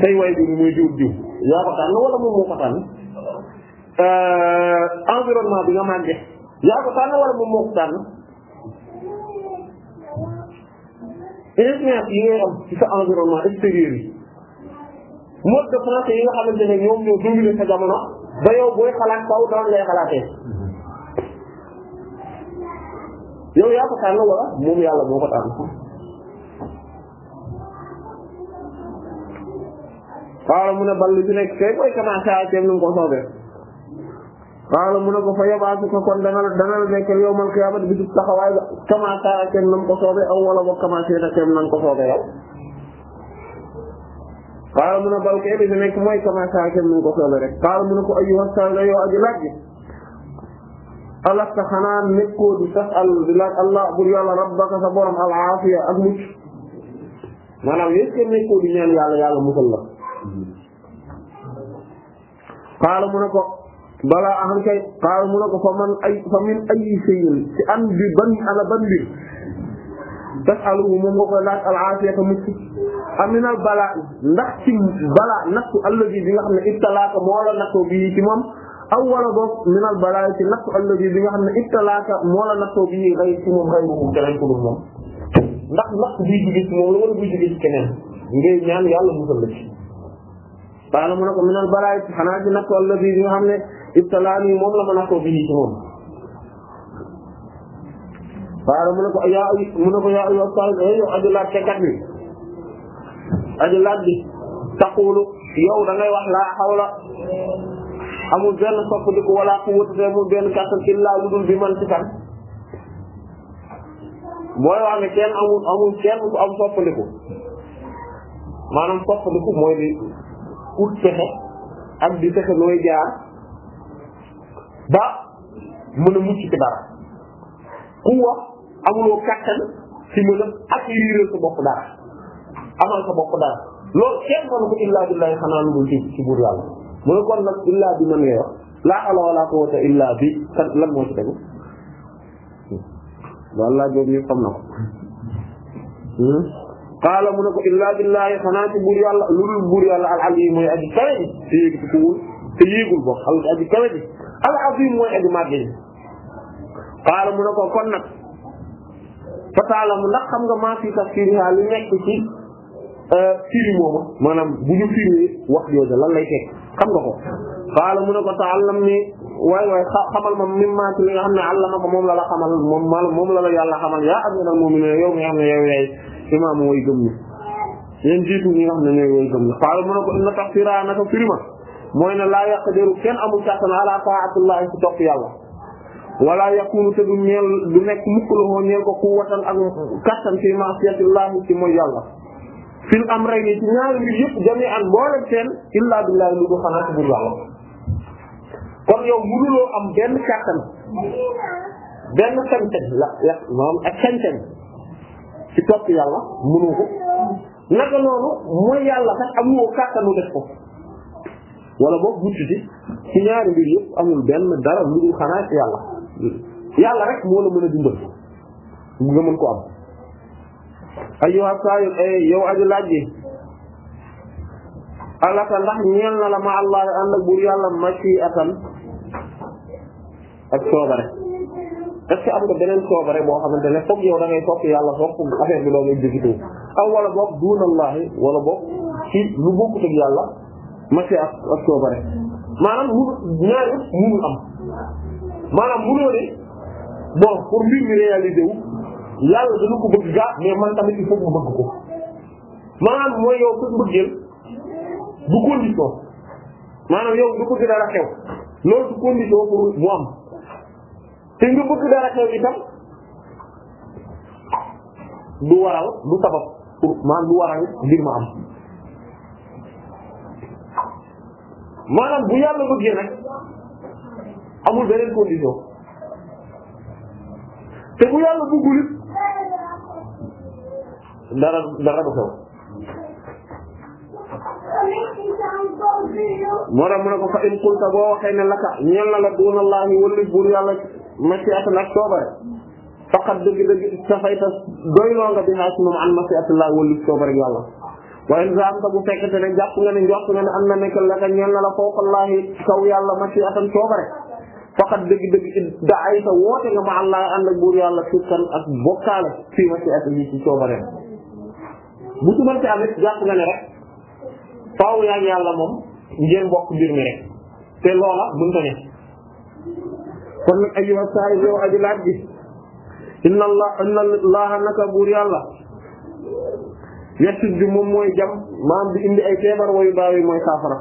tey way bi muy jiw jiw yaa ko tànn wala moom moo ko tànn euh, environnement bi nga màggee yaa ko tànn wala moom moo ko tànn influence yi ngay am ci sa environnement extérieur mode de français nga xamante ne ñoom ñoo dominé sa jamono ba yow booy xalaat taw daan ngay xalaatee yow yaa ko tànn wala moom yàlla moo ko tànn xaala mu ne bal li fi nekk kay koy commencé a teem nu mu ko soobee xaala mu ne ko fa yabaatu ko kon dana la dana la nekkal yawmal qiyaamati bi du taxawaay ba commencé a teem nu mu na teem nan ko soobee yow qaala mu ne bal kay bi fi nekk mooy kama saake mu ko solo rek qaala mu ne ko ayyuha saa'il yow aji laaj bi alasta xanaa nekkoo di sax al di laaj allah bur yàlla rabbaka sa borom al aafiya ak mucc maanaam yéen kenn nekkoo di ñaan yàlla yàlla musal la qaala mu ne ko balaa axan kay qaala mu ne ko fa man ay fa min ay shay'in ci an bi ban ala ban bi tasaluhu moom nga koy laaj al aafiya mucc aminal balaa ndax ci balaa nattu allazi bi nga xam ne ibtalaaka moo la nattoo bii ci moom aw wala boog minal balaa ci nattu allazi bi nga xam ne ibtalaaka moo la nattoo bii rey ci moom rey ko keneen ku dul keneen ngay ñaan yàlla musal la ci baala mu ne ko minal balaa ci xanaa ci nattu allazi bi nga xam ne ibtalaani moom la ma nattoo bii ci moom baala mu ko yaa mu ne ko yaa yow Saal yow Abdoulaye Seck at mi aji laaj bi taqulu yow da ngay wax laa xawla amul benn soppandiku wala quwwata amul benn kàttan illaa lu dul bi man ci kan booy wax ne kenn amul amul kenn ku am soppandiku maanaam soppandiku mooy di ut pexe ak di pexe looy jaar ba mën a mucc ci dara ku wax amuloo kàttan ci mën a acquérir sa bopp dara amal sa bopp daal loolu kenn mënu ko illaa billaahi xanaa lu muy ci ci buur yàlla mu ne kon nag illaa bi man ngay wax laa hawla wala quwwata illaa bi kan lan moo ci tegu walla joob ñu xam na ko hmm? qaala mu ne illaa billaahi xanaa ci buur yàlla lu dul buur al ali mooy ji te yéegi ko wul te yéegul al aji kawe al azim mooy aji màgg qaala mu ne kon nag fa taalamu ndax xam nga maa fi tafsiriha li nekk ci Euh, firi moomu maanaam bu ñu firi wax jooju lan lay teg xam nga ko xaala mu ne ko taallam ni waay waay xamal ma mim maa li nga xam ne àllama ko moom la la xamal moom ma moom la la yàlla xamal yaa a mu'minin yow nga xam ne yow yaay imaam way gëm ñi yéen mu ne ko inna tax firaa naka firi ma mooy ne laa yaqdiru kenn amul kàttan ala ta'atillahi ci topp yàlla wala yakunu te du nekk mukk la ñeel ko quwwatan ak kàttan fi ma'siyatillahi ci mooy yàlla fil amrayni ci ñaari mbir yëpp jami'an mboolem seen illaa billaahi lu du xanaa ci bur yàlla kon yow mënuloo am benn kàttan benn sañ-sañ la la maanaam ak sañ-sañ ci topp yàlla mënu ko naka noonu mooy yàlla sax amoo kàttanu def ko wala boog mucc ci ci ñaari mbir yëpp amul benn dara lu du xanaa ci yàlla yàlla rek moo la mën a dimbal nga mën ko am ayyuha sa'il ay eh, yow aji laaj ji alaka ndax ñeel na la ma allah ànd ak buur yàlla mashi'atan ak soobare est ce que am nga beneen soobare boo xamante ne foog yow da ngay topp yàlla topp affaire bi loolu exécuté aw wala boog duunallahi wala boog ci lu bokkut ak yàlla mashi'a ak soobare maanaam mu ñaar yëpp am maanaam mënoo ne bon pour mbir mi réaliser yàlla dana ko bëgg gaa mais man tamit il faut mu bëgg ko maanaam mooy yow sa mbëggeel du condition maanaam yow du bëgg dara xew loolu du condition pour mu am te nga bëgg dara xew itam du waral du sabab pour maanaam du waral ngir ma am maanaam bu yàlla bëggee nag amul beneen condition te bu yàlla bëggul it dara dara du xew moo ne ko fa in qulta boo waxee ne laka ñeel na la duunallaahi wëlli buur yàlla masiatan ak coobare faqat dëgg-dëgg safayta doyloo nga bi xaas moom an masiatillaahi wëlli coobare yàlla waaye bu fekkte ne jàpp nga ne njort nga ne am la fawqallaahi kaw yàlla masiatan coobare faqat dëgg-dëgg da ay woote nga ma allah ànd ak buur yàlla sirkan ak bokkaale fii masiatihi ci coobare bu sumal ci am rek jàpp nga ne rek faaw yaa yàlla moom ngeen bokk mbir mi rek te loola mënta ne kon nag laaj bi inna allah inna allaha naka buur yàlla yasud bi moom mooy jam maam bi indi ay feebar wayu daaw mooy saafara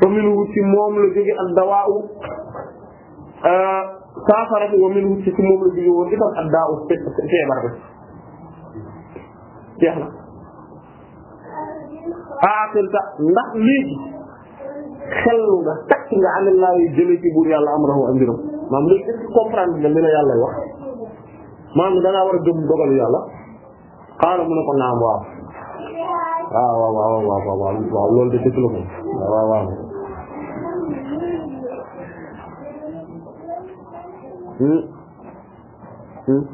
fa minhu ci moom la jóge ak dawaaw euh, saafara bi wa minhu ci moom la jóge woon itam ak daaw feebar bi jeex na aqilta ndax léegi xellu nga takk nga amel laa yi buur yàlla am raxu am mbiram maanaam léegi est nga li la yàllay wax maanaam dangaa war a gëm yàlla xaala mu ne ko naam waaw waaw waaw waaw waaw waaw waaw loolu de dëgg la moom waaw waaw waaw hmm? Hmm?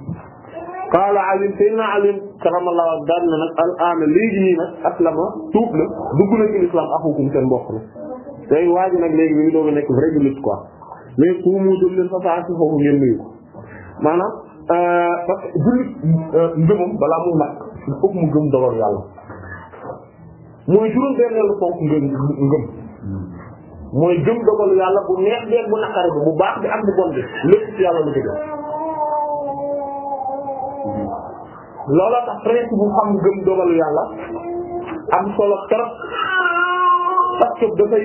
qaala alim sayyidina alim karamallahu wajhahu daan na nag al aana léegi nii nag aslama tuub na dugg na ci l'islam axukum seen mbokk mi tey waa nag léegi mi ngi doog nekk vrai jullit quoi mais ku mu jël leen fa saa si foofu ngeen nuyu ko maanaam euh, parce que jullit euh, ngëmam balaa muy mat il mu gëm dogal yàlla mooy juróom benneelu fonk ngëm ngëm mooy gëm dogal yàlla bu neex beeg bu naqare bi bu baax bi ak bu bon bi yàlla lu ko looloo tax principe bu xam gëm dogalu yàlla am solo trop parce que dafay ah,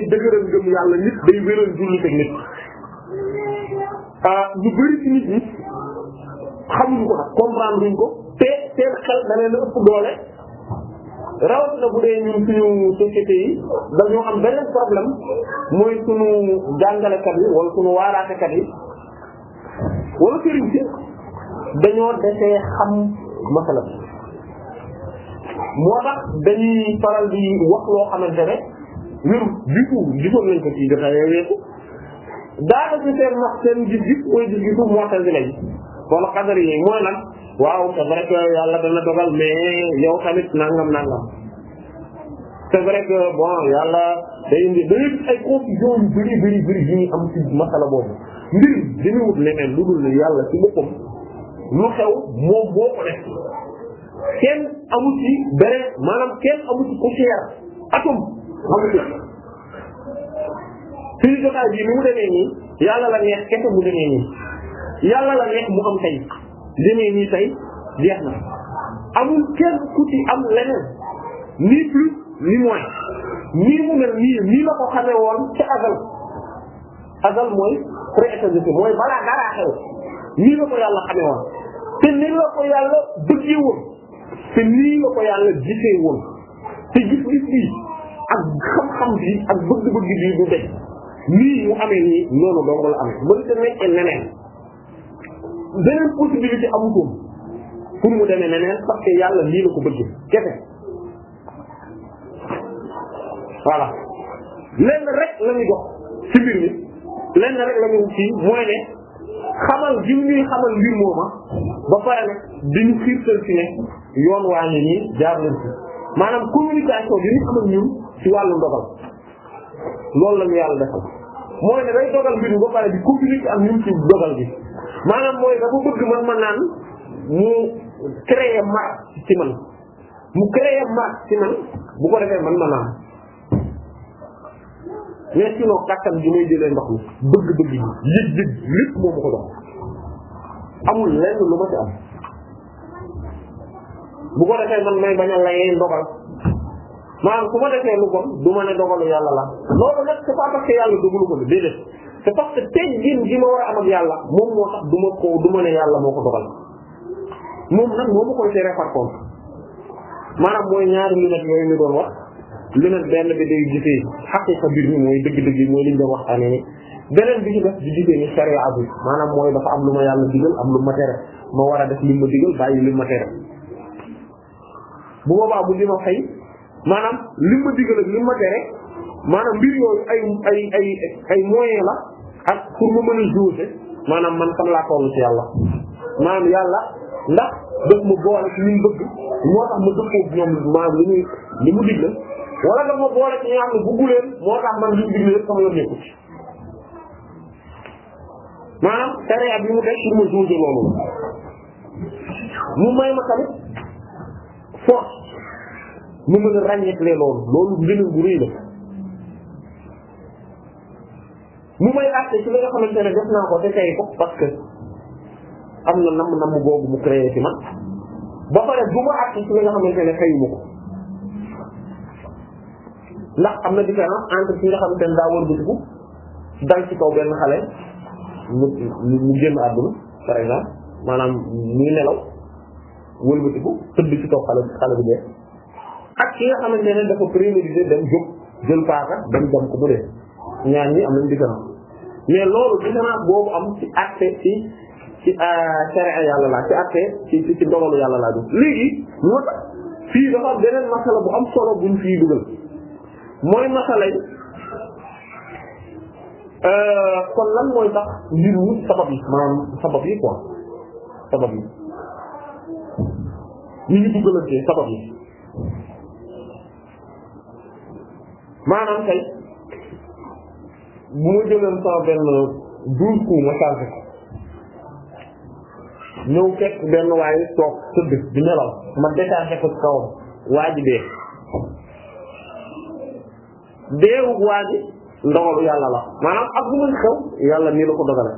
ko nag te xel da ëpp doole rawatina bu dee ñun suñu société yi dañoo am benn problème mooy suñu jàngalekat yi wala suñu waaraatekat yi wala sëriñ si dañoo desee xam masalan moo tax dañuy faral di wax loo xamante ne wéru du tout gisoon nañ ko ci dafay weesu daanaka seen wax seen gis-gis mooy gis-gisu mu'tazila yi wala qadari yi mooy lan waaw c'est vrai que yàlla dana dogal mais yow tamit nangam nangam c'est vrai que bon yàlla day indi ay confusion yu bëri bëri bëri yi ñu am ci masala boobu mbir dañuy wut leneen lu dul yàlla ci boppam. lu xew moom moo ko def kenn amu ci beneen maanaam kenn amu ci poussière atome amu ci suñu jotaay bii ni mu demee nii yàlla la neex kese mu demee nii yàlla la neex mu am tey demee nii tey jeex na amul kenn ku ci am leneen ni plus ni moins nii mu mel nii nii la ko xamee woon ca azal azal mooy pré-existence mooy balaa dara xew nii la ko yàlla xamee woon te nii la ko yàlla bëggee woon te nii la ko yàlla gisee woon te gis-gis bi ak xam-xam bi ak bëgg-bëgg bi du dee nii mu amee nii noonu dong la amee ba te nekkee neneen beneen possibilité amutoon pour mu demee neneen parce que yàlla lii la ko bëggee kese voilà lenn rek la ñu ci mbir mi lenn rek la ñu mooy ne. xamal gi ñuy xamal mbir mooma ba pare nag dañu xiirtal ci ne yoon waa ngi nii jaar leen ci maanaam communication bi ñu xamal ñun ci wàllu ndogal loolu la ñu yàlla defal mooy ne day dogal mbir mi ba pare di communiquer ak ñun ci dogal bi maanaam mooy dafa bëgg man ma naan mu créer marque ci man mu créer marque ci man bu ko defee man ma naan mais sinon kàttan gi may jëlee ndox mi bëgg-bëgg yi yëg-yëg lépp moom ma ko jox amul lenn lu ma ci am bu ko defee man may bañ a layee ndogal maanaam ku ma defee lu bon du ne dogalu yàlla la loolu nag c'est pas parce que yàlla dogalu ko ne déedéet c'est parce que teggin gi ma war a am ak yàlla moom moo tax du ma ko du ma ne yàlla moo ko dogal moom nag moo ma koy tere par contre maanaam mooy ñaari minutes yooyu ñu doon wax leneen benn bi day gisee xaqiqa biir mi mooy dëgg-dëgg yi mooy liñ doon waxtaanee ni beneen bi ci def di gisee ni sharia bi maanaam mooy dafa am lu ma yàlla digal am lu ma tere war a def li ma digal bàyyi li ma bu boobaa bu li maanaam li ma digal ak mbir yooyu ay ay ay ay la ak pour ma mën a jouer maanaam man fan laa ci yàlla maanaam yàlla ndax daf ma boole ci li mu bëgg moo tax ma dëppoo ñoom maanaam li muy li mu digal wala nga ma boole ci ñoo xam ne buggu moo tax man li ñu digle yëpp maanaam sariya bi mu teg pour ma ma tamit loolu la mu may àtte ci li nga xamante ne def naa ko te tey ko parce que am na namm namm boobu mu créé man ba pare bu ma àtte ci li nga xamante ne xëyu ko ndax am na différence entre ki nga xamante ne daa wëlbatiku dal ci kaw benn xale mu mu génn àdduna par exemple maanaam muy nelaw wëlbatiku tëdd ci kaw xale bu dee ak ki nga xamante ne dafa prémédité dem jóg jël paaka dem dem ko mu dee ñaar ñi am nañ différence mais loolu différence boobu am ci accès ci ci euh, a yàlla laa ci accès ci ci ci yàlla laa bi léegi moo tax fii dafa am beneen masala bu am solo buñ fii dugal mooy masalay euh, kon lan mooy tax mbiru sabab yi maanaam sabab yi quoi sabab yi ñu ngi duggalantee sabab yi maanaam tey bu ma jëleen sama benn douze coups ma chargé ko ñëw fekk benn waaye toog tëdd di nelaw ma déchargé ko ci kawam waa deewu waa ji yàlla la maanaam ak lu mën yàlla nii la ko dogale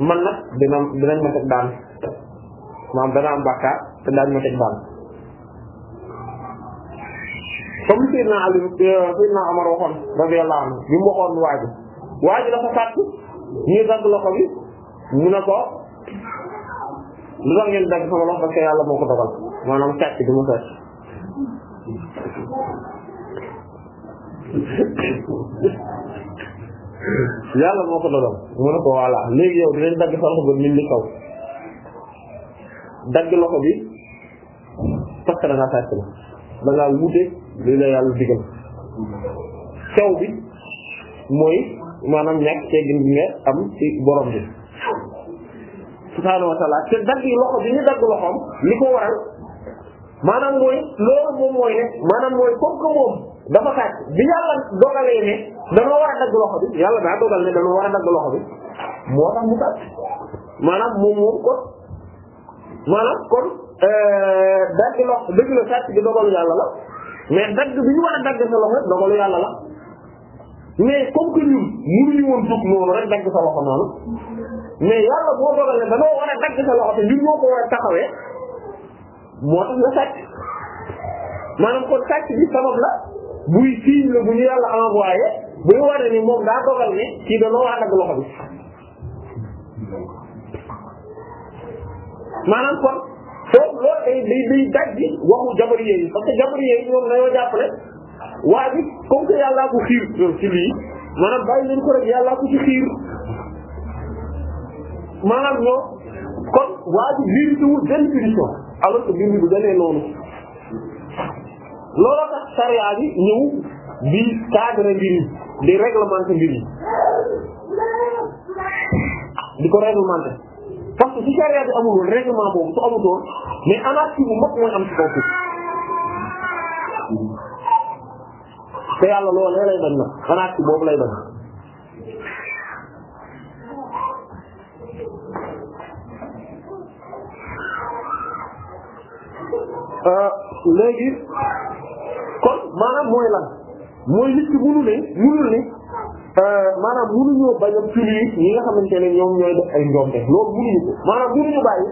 man nag dina dinañ ma teg daan maanaam dana am bàkkaar te daañ ma teg daan comme Seydina Ali euh, Seydina Omar waxoon radiyallahu anhu bi mu waxoon waa ji dafa sàcc ñii dagg loxo bi mu ne ko lu tax dagg sama loxo parce yàlla moo ko dogal maanaam sàcc bi mu sàcc yàlla moo ko dogal mu ne ko voilà léegi yow dinañ dagg sa loxo ba min li kaw dagg loxo bi parce que da ngaa sàcc la da ngaa wute lii la yàlla digal maanaam ñàkk teggin borom bi subhaanahu wa taala te dagg loxo bi ñu dagg loxoom ko waral maanaam mooy loolu moom mooy ne maanaam mooy comme que dafa sàcc bi yàlla dogalee ne dañoo war a dagg loxo bi yàlla daa dogal ne dañoo war a dagg loxo bi moo tax mu sàcc maanaam moom moom kon maanaam kon euh, dagg loxo dëgg la sàcc bi dogalu yàlla la mais dagg bi ñu war a dagg sa loxo dogalu yàlla la mais comme que ñun mënuñu woon dugg noonu rek dagg sa loxo noonu mais yàlla boo dogal ne dañoo war a dagg sa loxo te ñun ñoo ko war a taxawee moo tax la sàcc maanaam kon sàcc bi sabab la. buy signe la bu ñu yàlla envoyé buy waree ni moom daa dogal ne kii da loo ànd ak loxo kon foofu loolu day day day dajji waxu jabariyee yi parce que jabariyee yi ñoom dañoo jàpp ne waa bi comme que yàllaa ko xiir ci lii maanaam bàyyi leen ko rek yàllaa ko ci xiir maanaam kon waa bi vérifié wul benn solution alors que mbir mi du demee noonu. looloo tax sariya bi ñëw di cadre mbir yi di réglementer mbir yi di ko réglementer parce que si sariya bi amul woon règlement boobu su amutoon mais anarchie bu mag mooy am ci kaw suuf te yàlla loolu lay bañ na anarchie boobu lay bañ euh, léegi kon maanaam mooy lan mooy nit ki munu ne munul ne euh, maanaam munuñoo bañ a punir ñi xamante ne ñoom ay njomte loolu munuñu ko maanaam munuñu bàyyi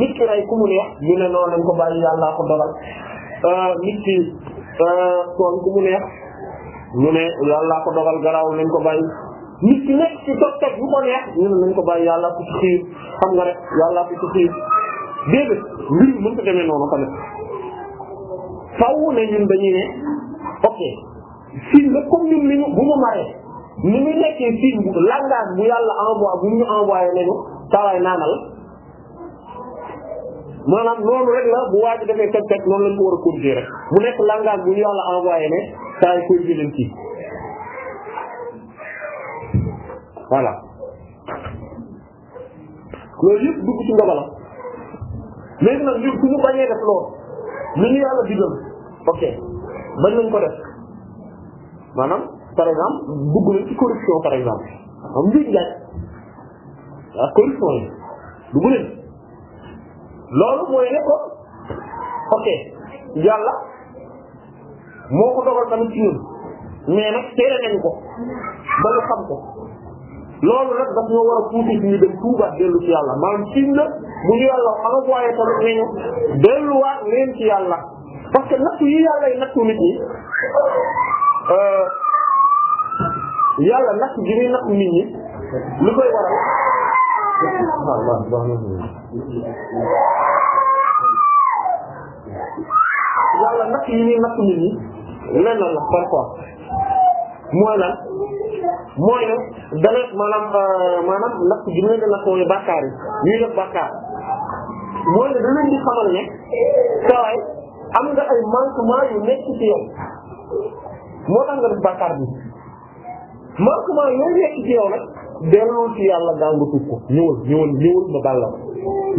nit ki rey ku mu neex ñu ne noonu lañ ko bàyyi yàllaa ko dogal euh, nit ki euh, tooñ ku mu neex ñu ne yàllaa ko dogal garaaw lañ ko bàyyi nit ki nekk ci toog toog bu ko neex nañ ko bàyyi yàllaa ko ci xiir xam nga rek yàllaa ko dee xiir déedéet mbir mën ko demee noonu faaw ne ñun dañuy ne ok la comme ñun li ñu bu ñu maree ni ñu nekkee signe bu bu yàlla envoyé bu ñu envoyé nañu tawaay naanal maanaam noonu rek la bu waaj defee teg teg noonu lañ ko war a corriger rek mu nekk langage bu ñu yàlla envoyé ne tawaay corriger leen ci voilà loolu yëpp dugg ci ngaba la léegi suñu bañee def loolu li ñu yàlla digal ok bañ nañ ko def maanaam par exemple dugg nañ ci corruption par exemple am njuuj njaaj ak corruption yi dugg nañ loolu mooy ne ko ok yàlla moo ko dogal tamit ci ñun mais nag teere nañ ko ba ñu xam ko loolu nag daf ñoo war a tuuti ñu dem tuubaat dellu ci yàlla maanaam la bu ñu yàlla xam ak waaye tamit nañu delluwaat leen ci yàlla parce que nattu yi yàlla yi nattu nit ñi euh, yàlla nattu gi muy nattu nit ñi lu koy waral yàlla nattu yi muy nattu nit ñi lenn la parfois mooy lan mooy ne dana maanaam euh, maanaam nattu gi mu leen di nattu mooy bàkkaar yi ne da leen am nga ay manquement yu nekk ci yow moo tax nga def bàkkaar bi manquement yooyu nekk ci yow nag delloo ci yàlla gaa nga tuub ko ñëwal ñëwal ñëwal ma baal la ko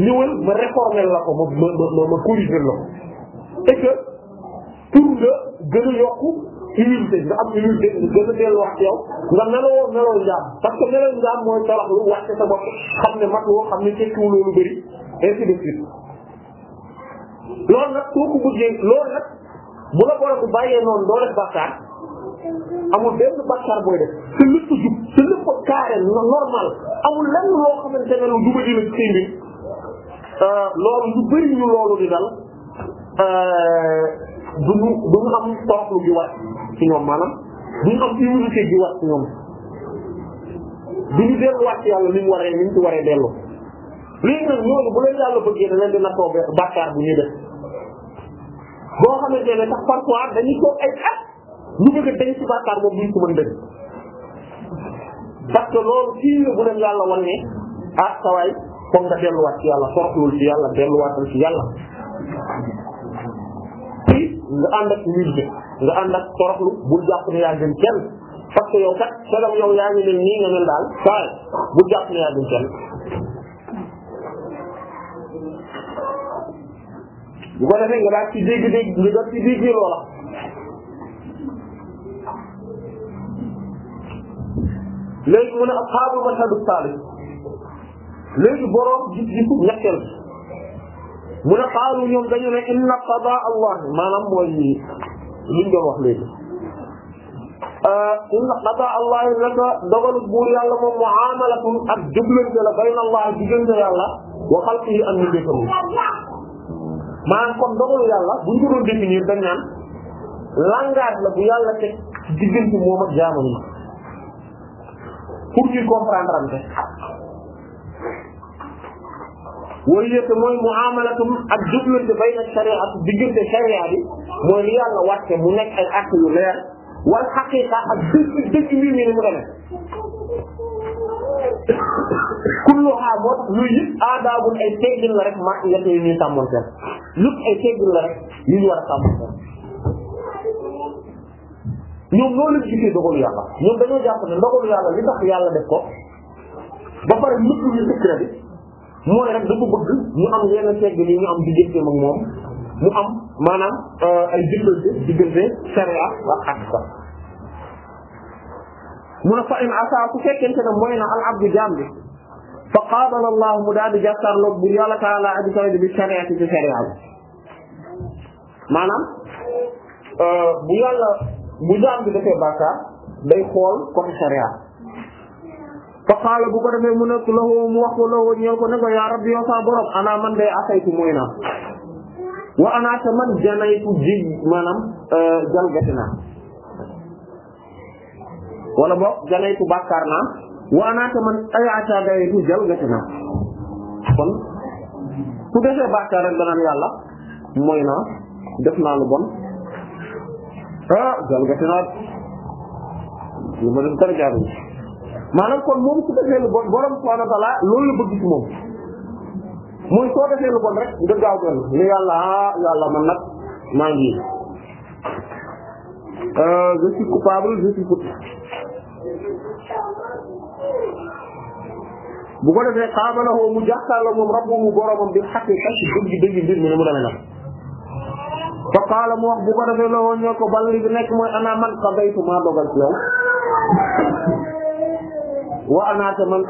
ñëwal ma réformer la ko ma ma ma ma corriger la ko et que pour nga gën a yokku humilité nga am humilité nga gën a delluwaat yow nga meloo meloo njaam parce que meloo njaam mooy toroxlu wàcce sa bopp xam ne mat woo xam ne tekkiwuloo lu bëri ainsi de suite loolu nag soo ko bëggee loolu nag bu la borom bu bàyyee noonu doo def bàkkaar amul benn bàkkaar booy def te lépp jub te lépp carré normal amul lenn loo xamante ne lu jubadi la ci mbir euh, loolu lu bëri ñu loolu di dal euh, duñu duñu am toroxlu gi war ci ñoom maanaam duñu am humilité war ci ñoom duñu delluwaat ci yàlla ni mu waree ni mu ci waree dellu léegi nag ñooñu bu leen yàlla bëggee da leen di nattoo bàkkaar bu ñuy def boo xamante ne sax parfois dañuy toog ay at ñu bëgg a dañ ci bàkkaar boobu ñu ko mën parce que loolu fii la bu leen yàlla wan ne ah sawaay foog nga delluwaat ci yàlla toroxlul ci yàlla delluwaatal ci yàlla fii nga ànd ak wirde bul jàpp ne yaa gën parce que yow kat sa yow yaa ngi leen nii nga mel daal sawaay bul jàpp ne yaa gën bu ko defee nga daal ci dégg-dégg nga doon ci dégg loola léegi mu ne ashaabu mashhadu saalih léegi boroom gis-gisu ñetteel mu ne xaalu ñoom dañu ne inna qadaa allah maanaam mooy liñ doon wax léegi euh, inna qadaa allah naka dogalu buur yàlla moom muamalatun ak jublante la bayna allah diggante yàlla wa xalqihi ak ñu maanaam ko dogalu yàlla bu ñu ko doon définir dañ naan langage la bu yàlla teg ci diggante moom ak jaamam yi pour ñuy comprendre am te wooyu yëpp mooy muamalatum ak jublante bay na shariatu diggante sharia bi mooy li yàlla wàcce mu nekk ay acte yu leer wal xaqiqa ak dëgg dëgg mbir mi ni kulluha boo tax ay teggin la rek maa ngi yàq yu ñuy sàmmanteel lépp ay teggin la rek yu ñu war a sàmmanteel ñoom loolu lañ gisee dogalu yàlla ñoom dañoo jàpp ne dogalu yàlla li tax yàlla def ko ba pare lu secret bi mooy rek dafa bëgg ñu am yenn teggin yi ñu am diggante ak moom mu am maanaam euh, ay diggante diggante sharia ak xaqiqa mu ne fa in asa su fekkente ne mooy na al abdu jaam bi fa qaabala allah mu daal di jàkkaarloog bu yàlla taala aji kawe bi shariati ci sharia bi maanaam euh, bu yàlla bu jaam bi defee bàkkaar day xool côté sharia fa qaala bu ko defee mu nekk lahu mu wax ko lahu ñëw ko ne ko yaa rabbi yow saa borom ana man day asaytu mooy naa wa ana ta man janaytu ji maanaam euh, jalgati naa wala boog janaytu bàkkaar naa waanaata man ay accaagaayu du jal nga kon ku defee bàkkaar rek danaan yàlla mooy naa def naa lu bon ah jal nga ci naa lu ma def kon moom ku defee lu borom subhanahu wa ta'ala loolu la bëgg ci moom mooy soo rek nga gaaw gën ni ah, yàlla man nag maa ngi ah, je suis coupable je bu ko defee xaabalawoo mu jàkkaarloo moom rabbuhu boromam bil haqiqa ci dëgg dëgg mbir mi ne mu demee nag fa mu wax bu ko defee la woon yow wa ana te man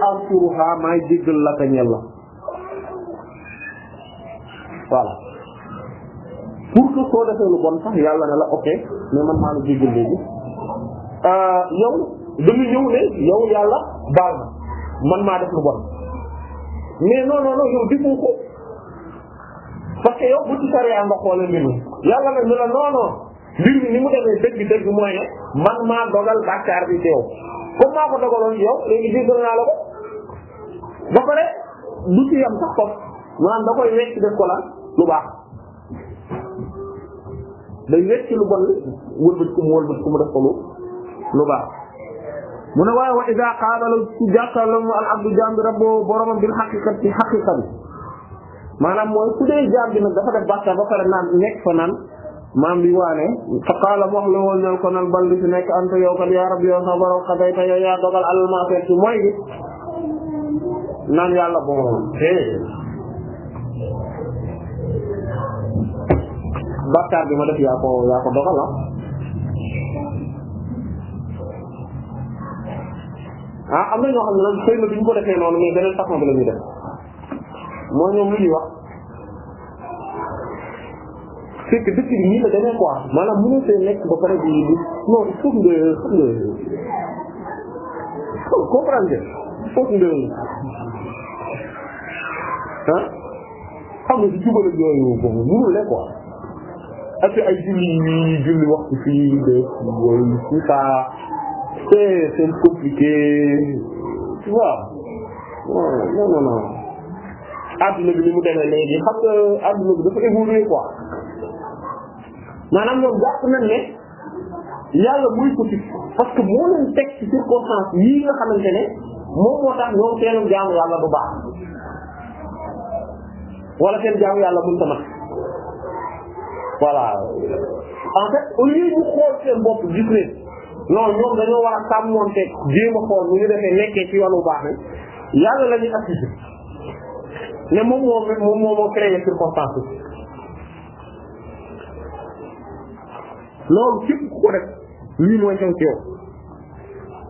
defee lu bon sax yàlla ne la ok mais man maa la léegi euh, yow dana ñëw ne yow yàlla baal na man maa def lu bon mais non non non ko parce que yow bu ci sariya nga mi yàlla nag ñu la non non mbir mi ni mu demee mooy ne man maa dogal bàkkaar bi ci yow comme maa ko dogaloon yow léegi jéggal naa la ko ba pare du ci yam sax foofu maanaam da koy wecc def ko la lu baax day wecc lu bon wëlbati ko mu wëlbati ko def ko lu lu mu ne waaye wa idaa qaala su jàkkaarloo al abdu jaam bi rabbo boromam bil xaqiqa ci xaqiqa maanaam mooy su dee jaam bi nag dafa def bàkkaar ba pare naan nekk fa naan maam bi waane fa qaala wax la woon ñal ko nekk anta yow kat yaa rabbi yow sa borom xadayta yow dogal alal maa fekk gi naan yàlla borom bàkkaar bi ma def yaa dogal la ah. ah am na ñoo xam ne nag xëy na duñ ko defee noonu mais beneen façon bi la ñuy def mooy ñoom lu ñuy wax c'est que dëkk bi nii la demee quoi maanaam mënoo fee nekk ba pare di di non il faut nga xam nga comprendre il faut nga ah xam nga si jubal ak yooyu boobu mënul ne quoi ak ay julli yi julli waxtu fii de wala tout ça. c'est c'est compliqué tu vois non non non adduna bi ni mu demee léegi xam nga adduna bi dafa évoluer quoi maanaam ñoom jàpp nañ ne yàlla muy ko ci parce que moo leen teg ci circonstance yii nga xamante ne moom moo tax ñoom seen jaamu yàlla du baax wala seen jaamu yàlla mënta mat voilà en fait au lieu ñu xool seen bopp gis leen non ñoom dañoo war a sàmmonte jéem a xool bu ñu defee nekkee ci wàllu baax bi yàlla la ñuy assisté mais moom moo moom moo moo créé circonstance bi loolu képp ku ko def lii mooy xew ci yow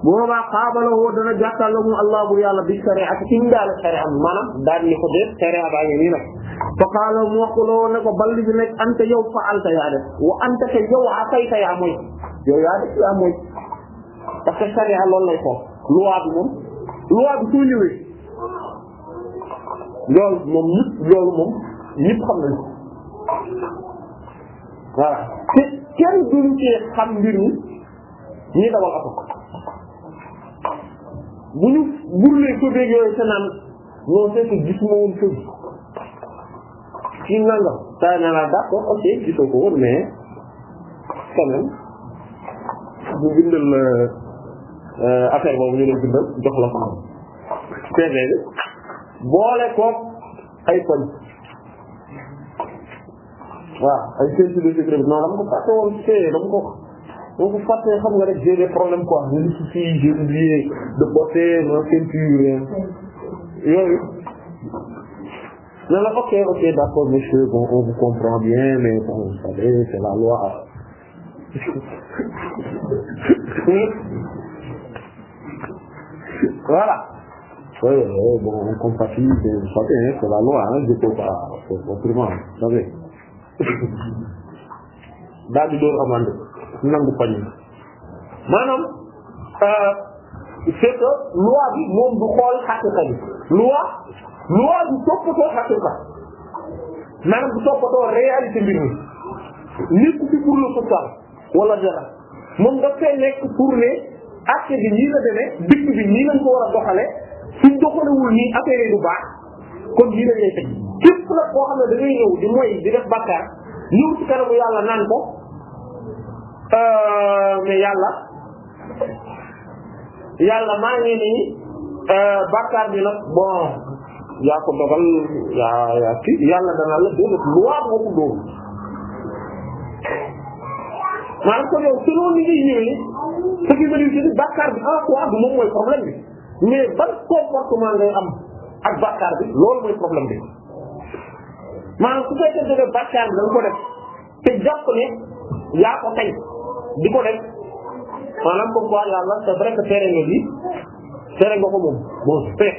bu boobaa xaabalawoo dana jàkkaarloo moom allah bu yàlla bi sharia ci ñu daal sharia maanaam daal ni ko def sharia baa ngi nii nag fa qaala mu wax ko loo ne ko balli bi nekk anta yow fa alta yaa def wa anta te yow a sayta yaa mooy yow yaa def yaa mooy parce que sharia loolu lay ko loi bi moom loi bi soo ñëwee loolu moom ñëpp loolu moom ñëpp xam nañu voilà te kenn duñu cee xam mbir mi ñi dawal oto bu ñu burlee ko dégg yooyu sa naan gis ma woon fëgg ci nangam daa ne la d'accord ok gisoo ko woon mais quand même ñu bindal euh, affaire boobu ñu leen bindal jox la ko PV bi boole ay poñ waaw ay services de sécurité non dama ko fàtte woon ci boo ko fàttee xam nga rek j'ai des problèmes quoi je me soucie j'ai oublié de porter ma ceinture yooyu na la ok ok d'accord monsieur bon on vous comprend bon vous savez c'est la loi voilà oui bon on compatit vous savez c'est la loi hein je peux pas autrement di door amande nangu pañ maanaam euh, c'est que loi bi moom du xool xaqiqa bi loi loi du toppatoo xaqiqa maanaam du toppatoo réalité mbir mi nekk ci pour le social wala dara moom daf fay nekk pour ne acte bi nii la demee dëkk bi nii lañ ko war a doxale suñ doxalewul nii affaire yi képp la koo xam ne da ngay ñëw di mooy di def bàkkaar ñëw ci kanamu yàlla naan ko mais euh, yàlla yàlla maa ngi nii euh, bàkkaar bi nag bon yaa ko dogal yaa yaa kii yàlla dana la déedéet lu waat moo ko dóor maanaam kon yow selon ni ngay ñëwee ce qui veut dire que ni bi en quoi moom mooy problème bi mais ban am ak bàkkaar bi loolu mooy problème bi maanaam ko def te jàpp ne yaa ko tey di ko def maanaam comme quoi yàlla c'est vrai que tere nga lii tere nga ko moom bon c'est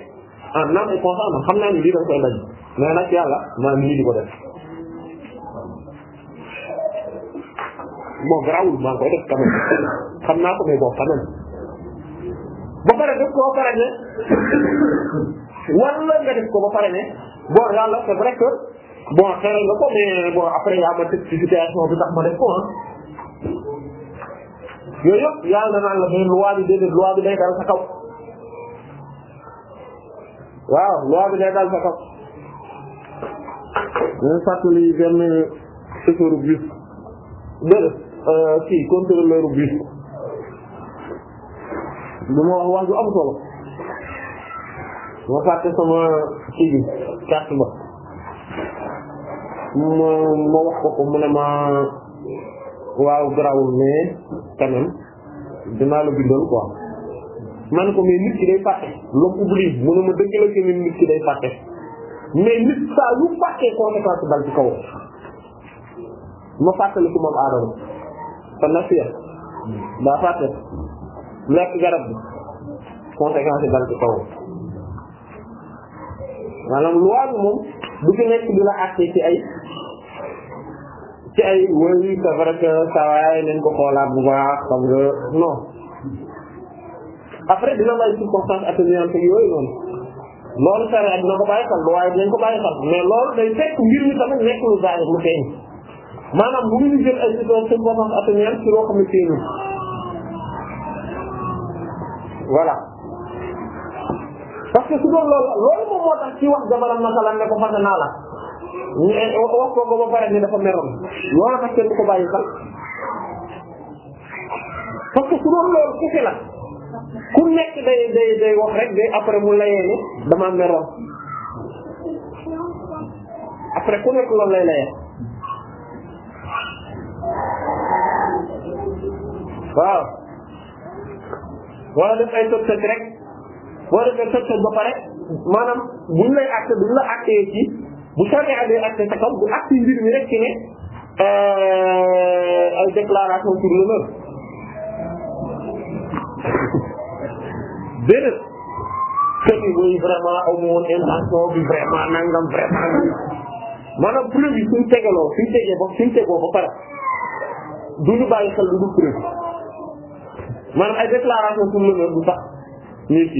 ah naam et consent xam naa ni lii dañ koy daj mais nag yàlla maa ngi di ko def bon garaawul maa ngi koy def quand même naa ko mais bon quand même ba pare def ko ba pare ne walla nga def ko ba pare ne bon yàlla c'est vrai que bon tere nga ko mais bon après yaa ma tëj ci situation bi tax ma def ko ah yooyu yëpp yàlla danaan la mais loi bi déedéet loi sa kaw waaw loi bi day dal sa kaw ñu fàttali benn chauffeur bus déedéet euh, kii contrôleur bus lu ma wax wax ju am solo ma fàtte sama kii bi carte ba ma ma wax ko ko mu ne ma waaw garaawul mais quand même dinaa la bindal quoi ma ne ko mais nit ki day fàtte l'homme oublie mu ne ma dëgg la ki day fàtte nit saa yu fàttee conséquence dal ci kaw ma fàttali ko moom aadama te nasiya daa fàtte lekk garab bi conséquence dal ci kaw maanaam loi bi la àtte ci ay ci ay wooyu c'est vrai que saa waay nañ ko xoolaat bu baax xam nga non après dina may circonstance atténuante yooyu noonu loolu sare dina ko bàyyi xel waaye dinañ ko bàyyi xel mais loolu day fekk mbir mi tamit nekk lu zaahir mu feeñ maanaam bu ñu jël ay circonstance atténuante ci loo xam ne feeñu voilà parce que su doon loolu loolu moom moo tax ci wax jabaram naka la ne ko fàtte naa la wax ko ba pare ne dafa meroon loolu tax kenn du ko bàyyi xel parce que su doon loolu kese la ku nekk day day day wax rek day après mu layee ne damaa meroon après ku nekk loolu lay layee waaw wala def ay sëb rek boo defee sëb ba pare maanaam buñ lay acté duñ la acté ci. bu charia bi ak sa kaw bu ak ci mbir mi ne euh, ay déclaration sur l'honneur déedéet kër yi mooy vraiment amu woon intention bi vraiment nangam vraiment maanaam preuve yi suñ tegaloo suñ ba suñ tegoo ba pare du ñu bàyyi xel lu dul preuve maanaam ay déclaration sur l'honneur bu sax ñuy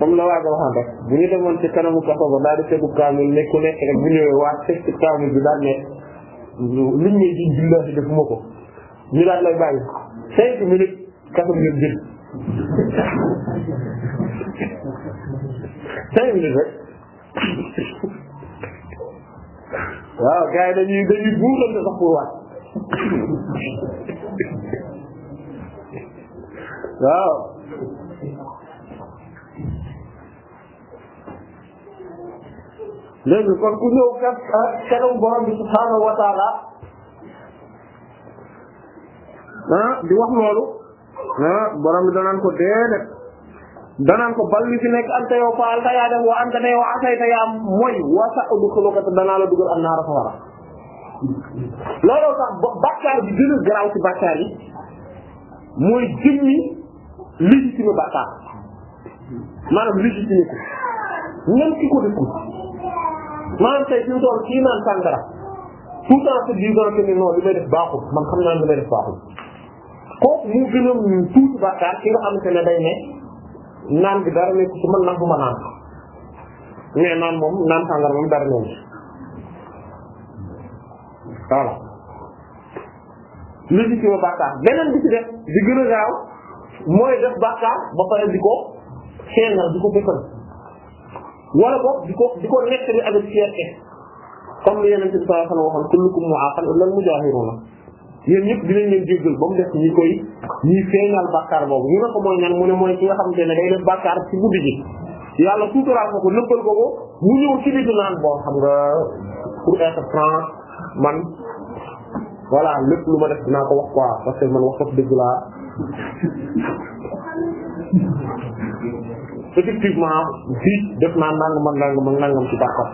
comme la waaj a waxoon rek bu ñu demoon ci kanamu kaso ba daal di tegu kaamil ne ku nekk rek bu ñëwee waa teg ci kaamil bi daal ne liñ ñuy ji billaahi def ma ko ñu daal lay bàyyi cinq minutes kaso bi jël cinq minutes rek waaw gars yi dañuy dañuy buurante sax pour waat waaw dégg nga kon ku ñëw kat xelum borom bi subhaanahu wa taala ah di wax loolu ah borom bi danaan ko déedéet danaan ko bal li fi nekk anta yow faalta yaa def wa anta ne yow asayta yaa mooy wa sa udxuluka dugal an naara sawara looloo tax bàkkaar bi gën a garaaw ci bàkkaar yi mooy jëmmi légitime bàkkaar maanaam légitime ko ñan ki ko deful maanaam tey fi mu toll kii naan sàngara tout temps se disant que ni non li may def man xam naa li may def baaxul kooku mu gën a tuuti bàkkaar ki nga xamante ne day ne naan bi dara nekk man nag bu ma naan mais naan moom naan sàngara moom dara nekk voilà légitime bàkkaar beneen bi ci def di gën a gaaw mooy def bàkkaar ba pare di ko xeenal di ko bëkkal wala boog di ko di ko nekk ni avec fierté comme li yeneen ci sallallahu alayhi wasallam waxoon kullukum mu'aqan illa al-mujahiruna yéen ñëpp dinañ leen jéggal ba mu def ñi koy ñi feeñal bàkkaar boobu ñu ne ko mooy ñan mu ne mooy ki nga xamante ne day def bàkkaar ci guddi gi yàlla suuturaal ko ko nëbbal ko ko mu ñëw ci biti naan boo xam nga pour être franc man voilà lépp lu ma def ko wax quoi parce que man wax ko dëgg laa effectivement fii def naa nangam ak nangam ak nangam ci bàkkar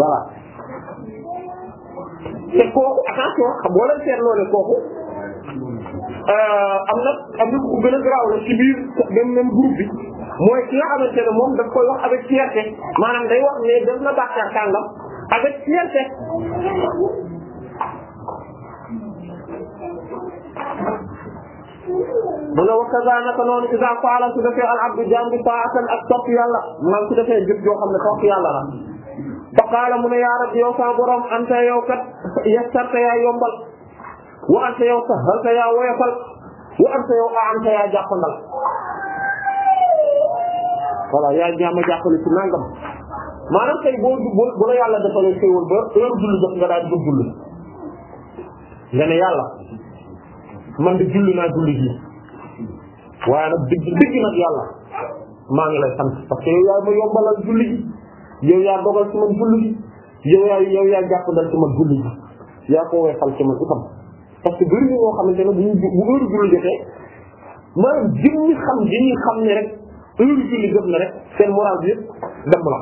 voilà te kooku attention xam boo leen seetloo ne euh, am na am na ku gën a garaaw la biir même même groupe mooy ki nga xamante ne moom daf koy wax avec fierté maanaam day wax ne def na bàkkar kàngam avec fierté mu ne wa kaza naka noonu isa faala su defee al abdu jaam bi taatan ak topp yàlla maanaam su defee jëf joo xam ne topp yàlla rabbi yow sa anta yow kat yassarta yaa yombal wa anta yow sahalta yaa woyofal wa anta yow aamta yaa jàppandal voilà yaa jaam a jàppale ci nangam maanaam tey boo boo bu la nga daal di julli nga ne yàlla man de julli naa julli ji waaye nag dëgg dëgg nag yàlla maa ngi lay sant parce que yow yaa ma yombalal julli ji yow yaa dogal ci man julli ji yaa yow yaa jàppandal ci man julli ji yaa ko weesal ci man itam parce que bëri na ñoo xamante ne julli xam jëm xam ne rek heure julli jot rek seen moral bi yëpp damm la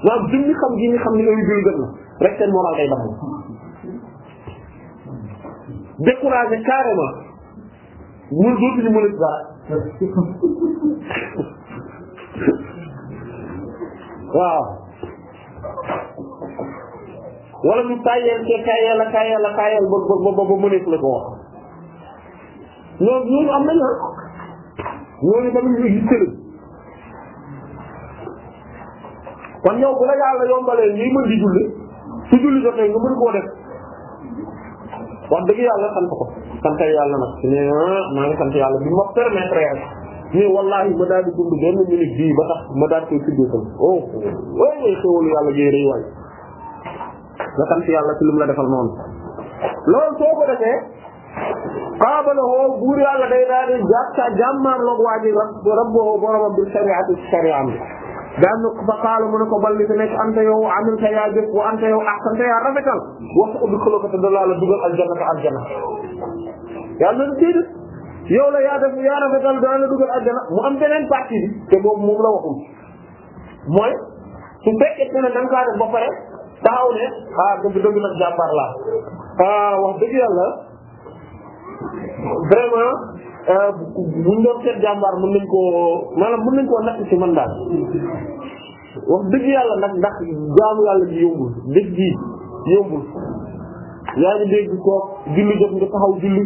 maanaam jëm xam jëm xam ne heure julli jot na rek seen moral day damm découragé carrément mën dootuñu mën a ci dara waaw wala ñu tàyyeel te tàyyeel a tàyyeel a tàyyeel ba ba ba mënees la ko wax ñoom ñooñu am nañu ñooñu tamit ñu gis kon yow bu la yàlla yombalee ngay mën di julli su julli jotee nga mën koo def wax dëgg yàlla sant ko sant yàlla nag mais ah, maa ngi sant yàlla bi ma permettre rek mais wallaahi ma daal di dund benn minute bii ba tax ma daal ko tuddee oh way oh, way xéwalu yàlla jëy rëy waay nga sant yàlla ci lim la defal noonu loolu soo ko defee xaabalawoo buur yàlla day daal di sa jàmmaar loog waa ji rab rabboo boromam bi shariati shariam bi daan na fa qaala mu ne ko balli te nekk anta yow amilta yaa jëf wa anta yow ahsanta yaa rafetal waxtu ubbi xaloo ko te dalaa la dugal aljanna te aljanna yàlla na déedéet yow la yaa def yaa rafetal dana la dugal aljanna mu am beneen partie bi te moom moom la waxul mooy su da nga kaa def taxaw ne ah dëgg dëgg nag jàmbaar laa ah wax dëgg yàlla vraiment Euh, buñ doon seet jàmbaar mën nañ koo maanaam mën nañ koo natt ci man daal wax dëgg yàlla nag ndax jaamu yàlla gi yombul dëgg gi yombul yaa ngi dégg koo julli jot nga taxaw julli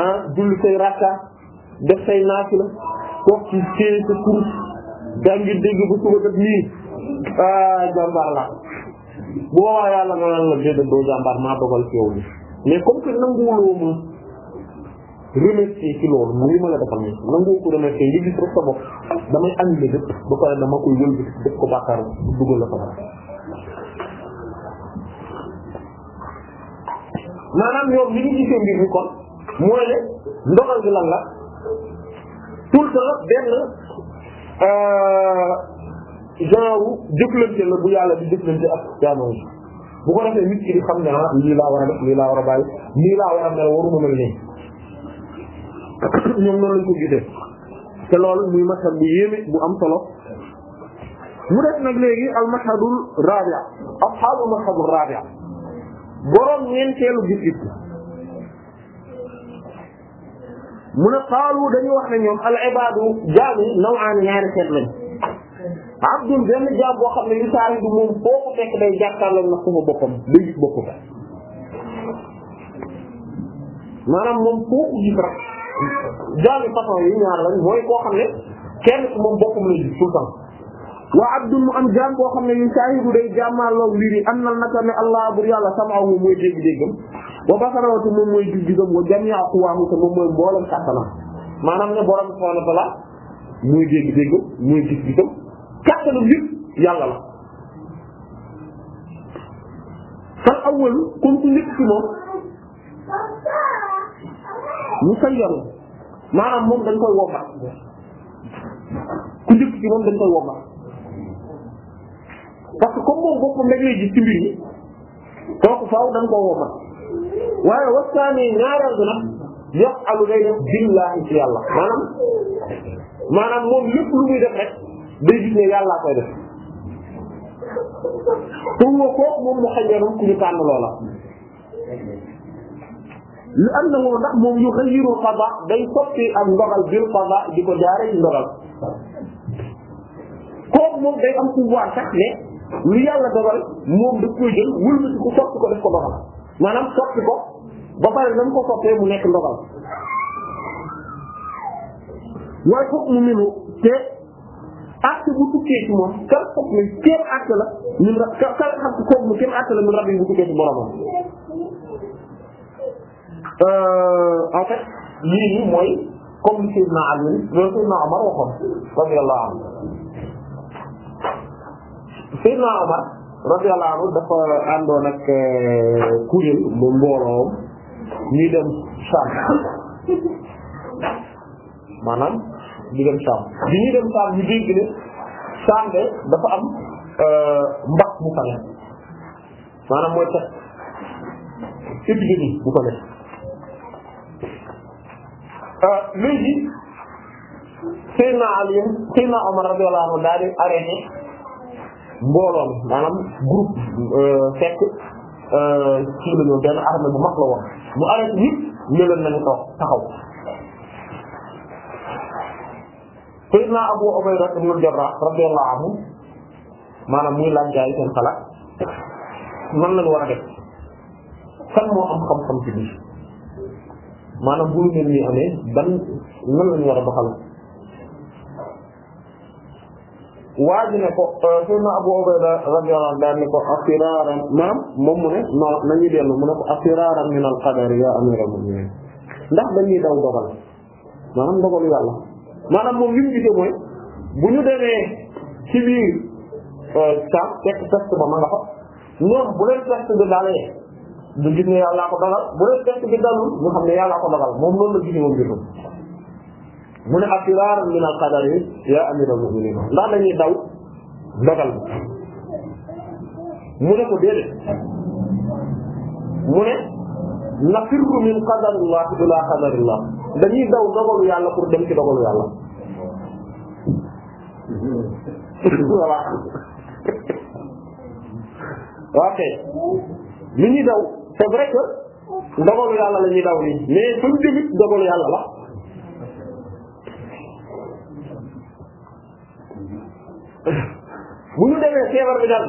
ah, julli say rakka def say naafila toog ci téye sa kurus daa ngi dégg ba suba def nii ah jàmbaar la bu boobaa yàlla nga naan la déedéet doo jàmbaar maa dogal ci yow ni comme que nanguwuloo moom remercier ci loolu mu ngi ko remercier yi gis rek sa bopp damay annulé lépp ba pare dama koy wëlbi def ko bàkkaar dugal la fa maanaam ñoom li ñu gisee mbir mi kon mooy ne ndogal lan la tout temps benn euh, genre jëflante la bu yàlla di jëflante ak jaamam bu ko defee nit ki di xam ne ah lii laa war a def lii laa war a bàyyi lii waruma mel nii ñoom noonu lañ ko gisee te loolu muy mashhad bu yéeme bu am solo mu def nag léegi al mashhadul rabi'a ashaabu mashhadul rabi'a boroom ñeenteelu gis-gis mu ne xaalu dañu wax ne ñoom al ibaadu jaam yi naw'aan ñaari xeet lañ abdun benn jaam boo xam ne moom foo fekk day jàkkaarloo na sufa boppam day gis boppam maanaam moom foo gis rek jaami façon yi ñaar lañ mooy koo xam ne kenn ci moom bokkum lañ tout waa abdul mu am jaam boo xam ne yu saahidu day jàmmaloog liri am na naka ne allah bur yàlla samaahu mooy dégg-déggam wa basarawatu moom mooy moom mooy dégg-déggam mooy gis yàlla la fal awwalu comme ku njëkk ci moom mu sayyaru maanaam moom dañ koy wommat ku njëkk ci moom dañ koy wommat parce que comme moom boppam rek lay gis ci mbir yi kooku faaw dañ koo wommat waaye wasaani ñaareel bi nag yox alu day def billaahi ci maanaam maanaam moom lépp lu muy def rek day gis ne yàllaa koy def pour nga moom mu xajarum ku ñu tànn loola li am na ndax moom yu xayiru qada day soppi ak ndogal bil qada di ko jaare ci ndogal moom day am pouvoir sax ne lu yàlla dogal moom daf koy jël wëlbati ko soppi ko def ko ndogal maanaam soppi ko ba pare na mu ko soppee mu nekk ndogal waaye foofu mu minu te acte bu tukkee ci moom kar foofu ne kéem acte la min rab kar xam kooku mu kéem acte la min rab yi bu tukkee ci boromam Euh, en lii mooy comme li Seydina Ali loolu Seydina Omar waxoon radiyallahu anhu Seydina Omar radiyallahu anhu dafa àndoon ak euh, kuréel bu mbooloom ñuy dem Sham maanaam di dem Sham bi ñuy dem Sham ñu dégg ne Sham dafa am euh, mbax bu fa maanaam mooy tax épidémie bu fa nekk Euh, léegi Seydina Ali Seydina Omar radiyallahu anhu daal di arrêté mbooloon maanaam groupe euh, fekk ci euh, la ñu benn armée bu mag la woon mu arrêté ñëpp ñu leen nañu taxaw Seydina Abu Ubayda ibn al-Jarrah radiyallahu anhu maanaam muy laaj gaay seen xalaat nan lañu war kan moo am xam-xam ci maanaam bu lu mel nii amee ban nan lañu war a doxal waa ji ne ko euh, Seydina Abu Ubayda radiyallahu daal ne ko afiraaran maanaam moom mu ne non nañu mu ne ko afiraaran min al-qadar ya amir al-mu'minin ndax dañuy daw dogal maanaam dogalu yàlla maanaam moom li mu gisee mooy bu ñu demee ci biir euh, sax ba ma nga fa ñoom bu leen peste ñu gis ne yàllaa ko dogal bu dee fekk bi dalul ko dogal moom loolu la gis moom jotul mu ne afiraar min al qadar yi yaa amiral mu'minin ndax dañuy daw dogal mu ne ko déedéet mu ne nafirru min qadarillah ila qadarillah dañuy daw dogalu yàlla pour dem ci dogalu yàlla voilà ok li daw c'est vrai que dogalu yàlla la ñuy daw nii mais suñu jëmit dogalu yàlla la bu ñu demee feebar bi daal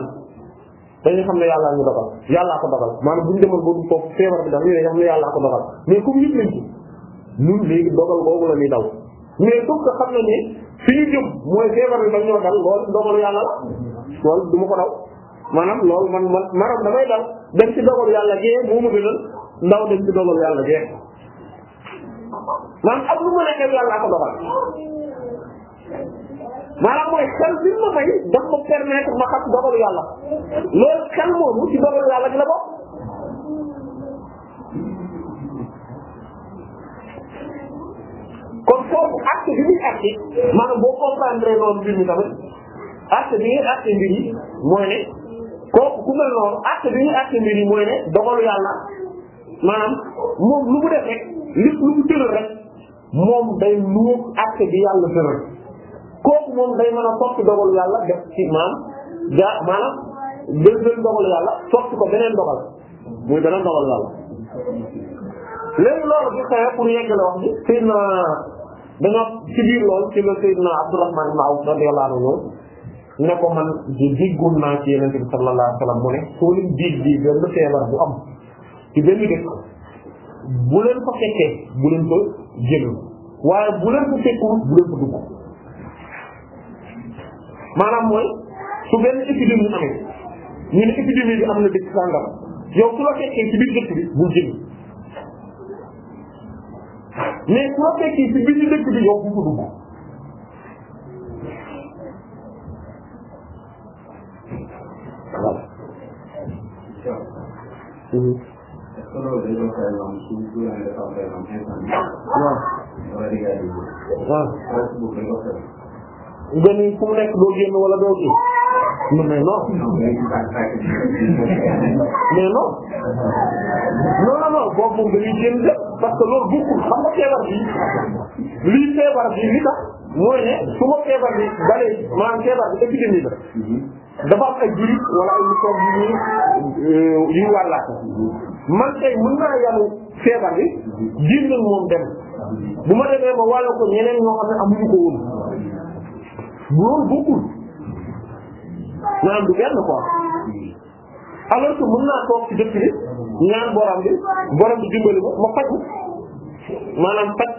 dañu xam ne yàllaa ñu dogal yàllaa ko dogal maanaam bu ñu demoon ba du foofu feebar bi daal ñu xam ne yàllaa ko dogal mais comme yëpp lañ ci ñun léegi dogal boobu la ñuy daw mais foog nga xam ne ne fi ñu jëm mooy feebar bi dañ ñoo dal loolu dogalu yàlla la loolu du ma ko daw maanaam loolu man man maanaam damay dal dem ci dogalu yàlla gee moo ma gënal ndaw dem ci dogalu yàlla gee maanaam ak lu ma nekkee yàlla ko dogal maanaam mooy xel bi ma may daf ma permettre ma xam dogalu yàlla loolu xel moomu ci dogalu yàlla gi la bokk kon foofu acte bi muy acte maanaam boo comprendre noonu mbir mi tamit acte bi ngeen acte mbir yi mooy ne kooku ku mel noonu acte bi ñuy acte mbir yi mooy ne dogalu yàlla maanaam moom lu mu rek lépp lu mu rek moom day nuuk acte bi yàlla tëral kooku moom day mën a soppi dogalu yàlla def ci maam ja maanaam jël benn dogalu yàlla soppi ko beneen dogal muy beneen dogalu yàlla. léegi loolu bi xëy pour yeggale wax bi Seydina dañoo ci biir loolu ci la Seydina Abdourahman ibn Awf radiyallahu anhu ne ko man di déggoon naa ci yeneen bi mu ne soo leen diig benn feebar bu am ci benn dëkk bu leen ko fekkee bu leen ko jël waaye bu leen ko fekkul bu leen ko dugg maanaam mooy su benn épidémie amee ñu ne épidémie bi am na dëkk sàngam yow su la fekkee ci biir dëkk bi bul jël mais su la fekkee ci biir yow bu ko dugg Mm-hmm. waaw gën o fu mu nekk doo génn wala doo kii mais non mais non non non non boobu moom dañuy génn de parce que loolu bokkul xam nga feebar bi lii feebar bi li tax mooy ne su ma feebar bi balee dafa am ay biir wala ay microbe bi génn moom dem bu ma demee ba wàll ko ñeneen ñoo xam ne amuñu ko woon loolu bokkul maanaam du benn quoi alors que mën naa toog ci dëkk bi ñaan borom bi borom bi dimbali ma ma faju maanaam faj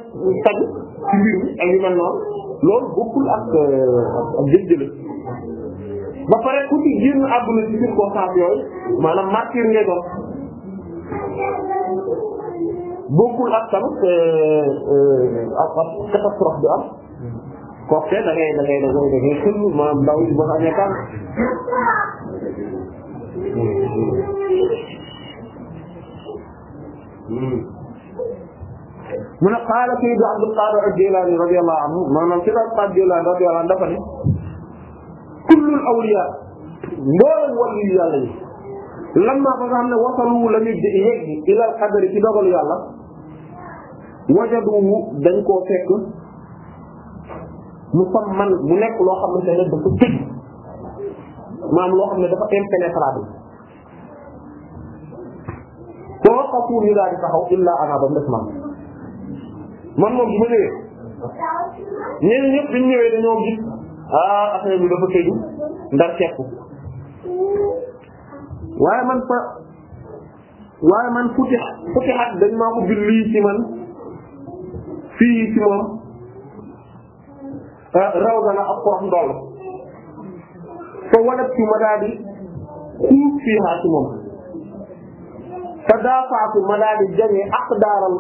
faju ci mbir mi ak yu mel noonu loolu bokkul ak euh, ak jël jële ba pare ku ci génn àdduna ci circonstance yooyu maanaam martyr ngay doon bokkul ak tamit euh, euh, ak ak catastrophe bi am kooku te da ngay da ngay da ngay da ngay xëy maanaam ndaw yi ba amee tànk mu ne qaala sayyid Abdul Qaadir al-Jilaani radiyallahu anhu maanaam sayyid Abdul Qaadir al-Jilaani radiyallahu anhu kullul awliya mboolem wàllu yu yàlla yi lamma ba nga xam ne wasalu la yegg ilal qadari ci dogalu yàlla wajaduwu dañ koo fekk mu sam man mu nekk loo xamante ne dafa tëj maam loo xam ne dafa impénétrable koo xafu ñu daal di taxaw illa ana ba mu des man moom bu ma ñëwee ñu ñëwee dañoo gis ah affaire bi dafa tëju ndar kepp waaye man fa waaye man futi futihat dañ maa ko bir lii ci man fii ci moom raw dana ak xoox ndoll fa wadat ci ma daal di fii haa ci moom fa daafaatu ma daal ak daaral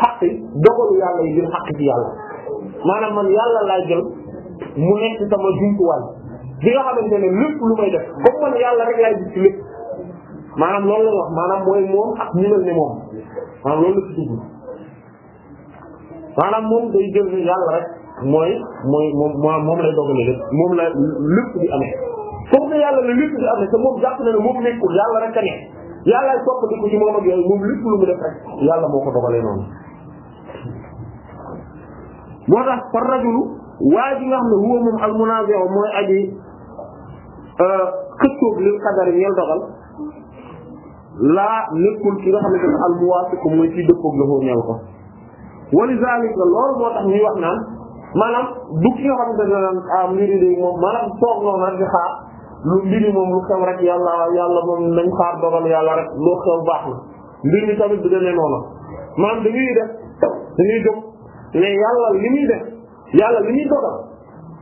xaqi dogalu yàlla yi bir xaq ci yàlla maanaam man yàlla laa jël mu nekk sama jumtuwaay bi nga xamante ne lépp lu may def comme man yàlla rek laay gis ci lépp maanaam loolu la wax maanaam mooy moom ak ñu mel ne moom maanaam loolu la ci dugg maanaam moom day jël ni yàlla rek mooy mooy moom moom lay dogale lépp moom la lépp di amee comme que yàlla la lépp di amee te moom jàpp na ne moom nekkul yàlla rek a ne yàllaay soppandiku ci moom ak yooyu moom lépp lu mu def rek yàlla moo ko dogalee noonu moo tax par rajulu waa ji nga xam ne huwa moom al munaazi'u mooy aji euh, xëccoo bi lil qadar ñeel dogal laa nekkul ki nga xam ne mooy ci dëppoo ak la ñeel ko. wa li zaalika moo tax ñuy wax naan maanaam du ki nga xam ne da ah, moom maanaam toog noonu rek di lu mbiri moom lu xew rek yàlla yàlla moom nañ xaar dogal yàlla rek loo xew baax na mbir mi tamit du demee noonu maanaam dañuy def dañuy gëm ne yàlla li yàlla li ñuy dogal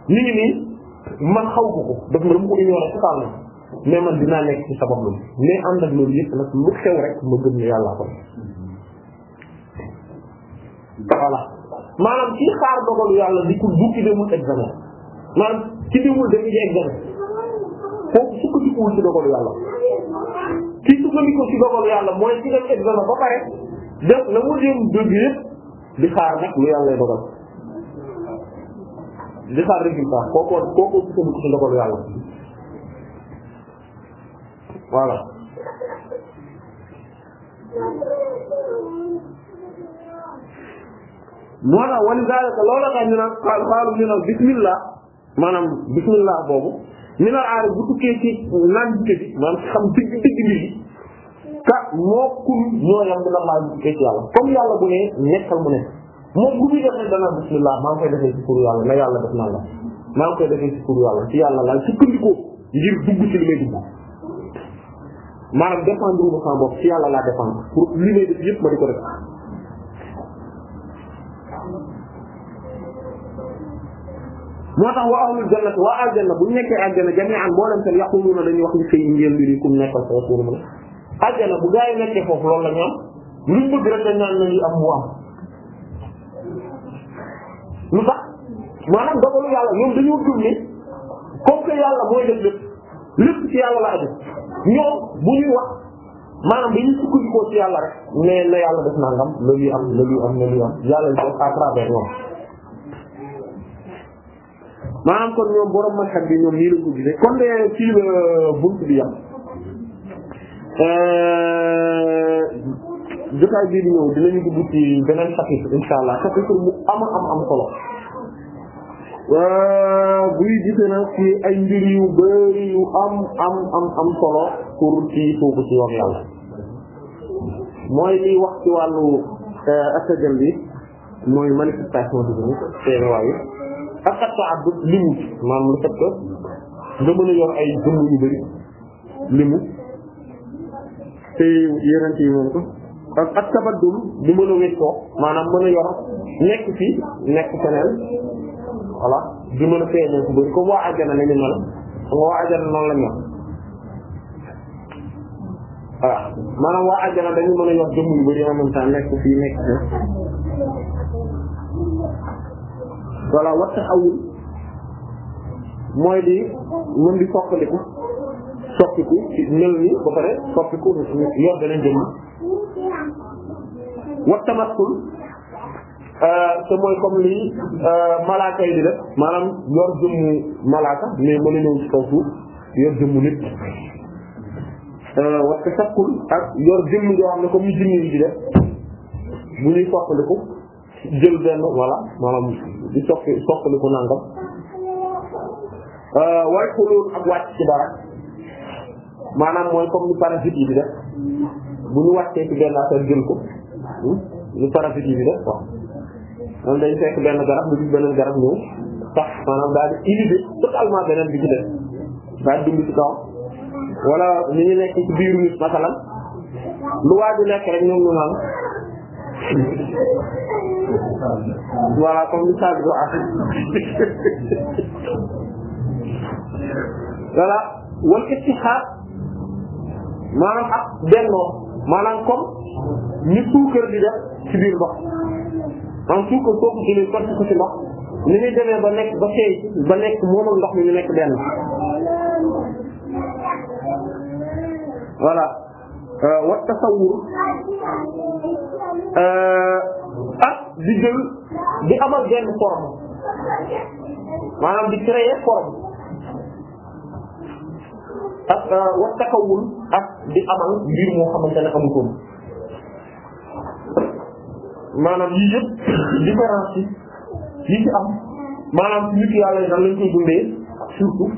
ñu ngi nii man xaw ko daf ma dama ko man dinaa nekk ci sabab lu mais ànd ak loolu yëpp nag lu xew rek ma gëm ne yàllaa ko voilà maanaam ci xaar dogalu yàlla di ko du ki demul examen maanaam ci demul dem ci examen foofu sukkandikuwul ci dogalu yàlla ci sukkandiku ci dogalu yàlla mooy ci dem examen ba pare def la mu dem dëgg di xaar nag lu yàlla dogal di xaar résultat kooku kooku sukkandiku ci ndogalu yàlla voilà moo tax wali zalika loola tax ñu naan xaal xaalu ñu naan bismillah maanaam bismillah boobu ñu naan aare bu tukkee ci naan bi bi maanaam ci xam digg digg mbir yi ka moo kun ñoo yam bi na maa bi tukkee ci yàlla comme yàlla bu ne nekkal mu ne moom bu muy defee dana bismillah maa ngi defee ci pour yàlla na yàlla def naa la maa ngi koy defee ci pour yàlla ci yàlla laa sukkandikoo ngir dugg ci li may dugg maanaam dépendre ma sama bopp ci yàlla laa dépendre pour li may def yëpp ma di ko def moo tax wa ahlul jannati waa aljanna bu ñu nekkee aljanna boo leen seen yaquluna dañuy wax ni fay ngeen mbiri kum nekkal sa suur mu ne aljanna bu gaa yi nekkee foofu loolu la ñu am luñ bëgg rek dañ lu tax maanaam dogalu yàlla ñoom dañoo gëm ni comme que yàlla mooy def lépp lépp ci yàlla la aju ñoom bu ñuy wax maanaam dañuy sukkandikoo ci yàlla rek mais na yàlla def nangam na luy am na luy am yàlla def à travers maanaam kon ñoom borom manxet bi ñoom nii lañ ko gisee kon de fii la euh, bunt bi yam euh, jotaay bii di ñëw beneen chapitre insha allah chapitre bu am am am solo euh, buy gisee nag ci ay mbir yu bari yu am am am solo pour ci suufu ci yoon yàlla mooy liy wax ci wàllu euh, astajal bi mooy manifestation divinique teeruwaay ak at sa limu maanaam le fait que nga mën yor ay jëmm yu bari limu te yeneen yi moom ko ak tabaddul di mën a wéccoo maanaam mën a yor nekk fii nekk feneen di mën a feeñal ku bëri comme waa àjjana la ñu mel nga waa àjjana noonu la ñu wax voilà maanaam waa àjjana dañu mën a yor jëmm di mën di soppaliku soppiku mel ni ba pare soppiku yor beneen jëmm wa tamattul euh, te mooy comme ni euh, malaaka yi di def maanaam yor jëmmu malaaka mais mën a ñëw ci kaw suuf yor jëmmu nit euh, wa tasakkul ak yor jëmm yoo xam ne comme ni yi di def bu ñuy soqaliku jël benn wala maanaam di soqi soqaliku nangam waaye xuloon ak wàcc ci dara maanaam mooy comme ni parasite yi di def bu ñu wàccee ci benn affaire jël ko lu parasite yi di def dañ fekk benn garab lu gis beneen garab ñëw tax maanaam daal di inhiber totalement beneen bi ci def dund ci kaw wala ñu nekk ci biiru nit masalan lu waaju lekk rek ñoom ñu naan voilà comme li Sadio wax voilà wal ittihad maanaam ak bennoo maanaam comme ni suukar di def ci biir ndox am suukar sooku jëlee sotti ko ci ndox ni muy demee ba nekk ba seey ba nekk moomul ndox mi ñu nekk benn voilà euh, wa tasawur euh, ak di jël di amal benn forme maanaam di créer forme ak euh, wa takawul ak di amal mbir moo xamante ne amutoon maanaam yii yëpp différence yi ci am maanaam ci nit yàlla lañ koy dundee surtout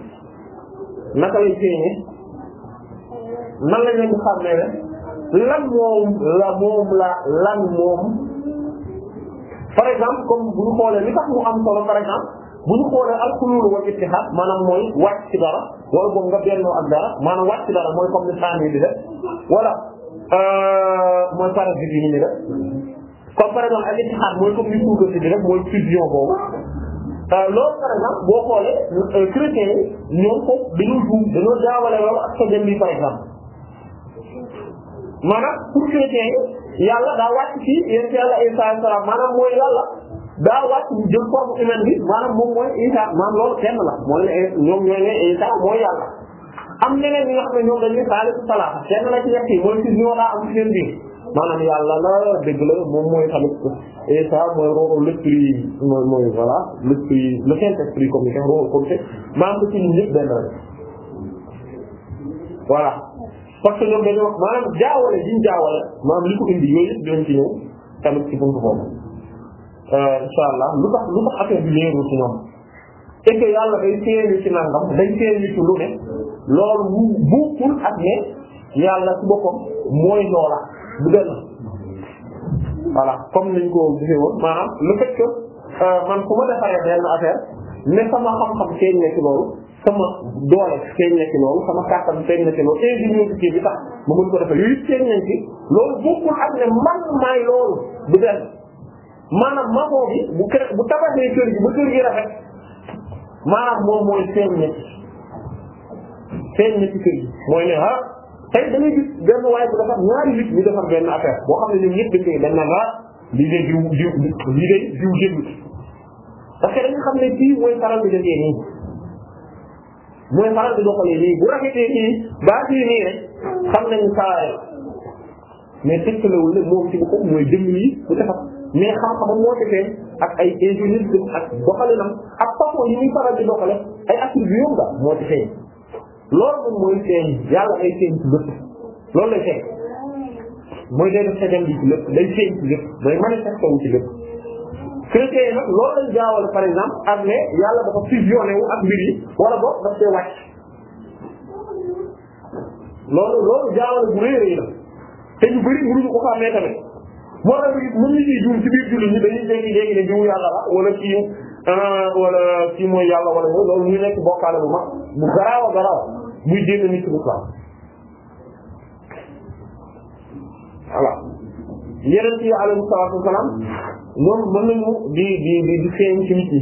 naka lay feeñee nan lañ leen di xàmmee ne moom la moom la lan moom par exemple comme bu ñu xoolee li tax mu am solo par exemple bu ñu xoolee alxulul wal ittihad maanaam mooy wàcc ci dara wala boog nga bennoo ak dara maanaam wàcc ci dara mooy comme ni saan di def wala euh, mooy parasite yi ni def comme par exemple al ittihad mooy comme ni suuga si di rek mooy fusion boobu euh, loolu par exemple boo xoolee euh, chrétiens yi ñoom ko dañu juum dañoo jaawale loolu ak sojan bi par exemple maanaam pour chrétiens yi yàlla daa wàcc ci yéen yàlla Isa salaam maanaam mooy yàlla daa wàcc mu jël forme humaine bi maanaam moom mooy Isa maanaam loolu kenn la mooy ne ñoom ñooy ne Isa mooy yàlla am ñeneen ñi nga xam ne ñoom dañuy saalisu salaam kenn la ci ñett yi mooy si ñoo daa am maanaam yàlla la dëgg la moom mooy tamit Isa mooy roo l'esprit mooy mooy voilà l'esprit le Saint-Esprit comme ni ko roo comme tey maanaam da ci ñun ñëpp benn rek voilà parce que ñoom dañoo wax maanaam jaawale jiñ jaawale maanaam li ko indi yooyu yëpp dinañ ci ñëw tamit ci buntu boobu euh, insha allah lu tax lu tax affaire bi leerul ci ñoom et que yàlla day feeñu ci nangam day du benn voilà comme niñ ko gisee woon maanaam le fait euh, man ku ma defaree benn affaire ne sama xam-xam feeñ na ci loolu sama doole feeñ na loolu sama kàttan feeñ na loolu ingéniosité ko defee yooyu feeñ nañ ci loolu bokkul ak ne man maay loolu du benn maanaam maboo bi bu kër bu tabaxee kër gi ba kër gi rafet maanaam moom mooy feeñ na ci feeñ mooy ne ah tey da ngay gis defar ñaari nit ñu boo xam ne ñoom ñëpp dañ koy dañ naan ah lii de jiw jiw lii de jiw jéggi parce que dañu xam ne fii mooy faral di defee nii mooy faral di doxalee nii bu rafetee nii baa fii nii rek xam nañu saa mais tëkkalewul ne moom ci boppam mooy jëmm yi bu defar mais xam-xamam moo defee ak ay ingénieurs ak doxalinam ak façon yi muy faral di doxale ay attributs yomb moo ci loolu moom mooy feeñ yàlla day feeñ ci lépp loolu lay feeñ mooy day def feeñam bi ci lépp day feeñ ci lépp day manifesté wu ci lépp. chrétien yi nag loolu lañ jaawale par exemple am ne yàlla dafa fusionné wu ak mbir wala boog daf see wàcc loolu loolu jaawale bu rëy a rëy la te ñu bëri mënuñu ko xàmmee tamit moo tax mën ñu ciy juum ci biir jullit ñi dañuy dégg dégg ne jiwu yàlla la wala kii ah, wala kii mooy yàlla wala loolu muy nekk bokkaale bu mag bu garaaw a garaaw. buy génn nit ci lislaam voilà yeneen yi alayhi salaatu wasalaam ñoom mën nañu di di di di feeñ ci nit ñi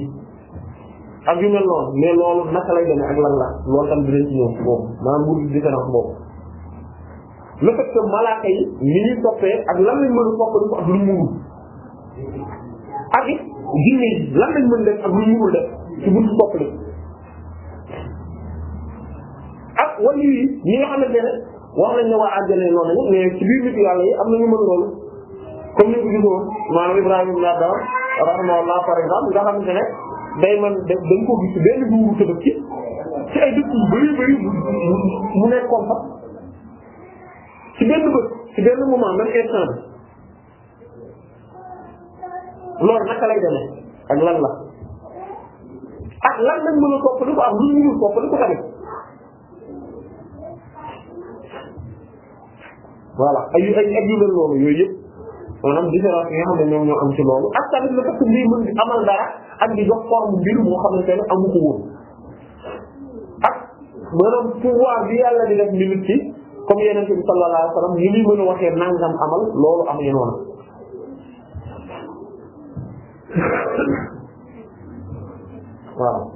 ak yu mel noonu mais loolu naka lay demee ak lan la loolu tam dinañ ci ñëw boobu maanaam bu différence boobu le fait que malaaka yi ni ñuy toppee ak lan lañ mën a topp di ko ak lu muurul ak it jinne yi lan lañ mën def ak lu muurul def ci bunt topp li wàllu yi ñi nga xamante ne wax nañ ne waa àjjana noonu ñëpp mais biir nit yàlla yi am na ñu mën loolu comme ni ko gisoon maanaam Ibrahima ibn Adam rahimahullah par exemple nga xamante ne day man da dañ ko gis benn buuru sa dëkk ci ci benn bët ci benn moment même instant bi naka lay demee ak lan la ak lan lañ mën a topp li ko am lu ñu mënul topp li ko tamit voilà ay ay ak yu mel noonu yooyu maanaam différence yi nga xam ñoom ñoo am ci loolu ak tamit le fait que lii mën di amal dara ak di moo xam ne tey ko woon ak maanaam pouvoir bi yàlla di def limite ci comme yeneen bi sallallahu alayhi wa sallam ni muy a waxee nangam amal loolu am na waaw.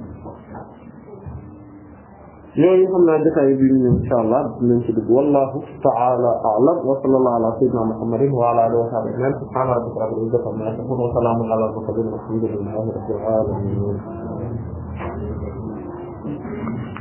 yooyu xam naa jotaay bi ñu ñëw insha allah dinañ ci dugg wallahu ta'ala a'lam wa sallallahu ala sayyidina muhammadin wa ala alihi wa sahbihi ajma'in subhana rabbika rabbil izzati amma yasifun wa salamun ala al mursalin walhamdulillahi rabbil alamin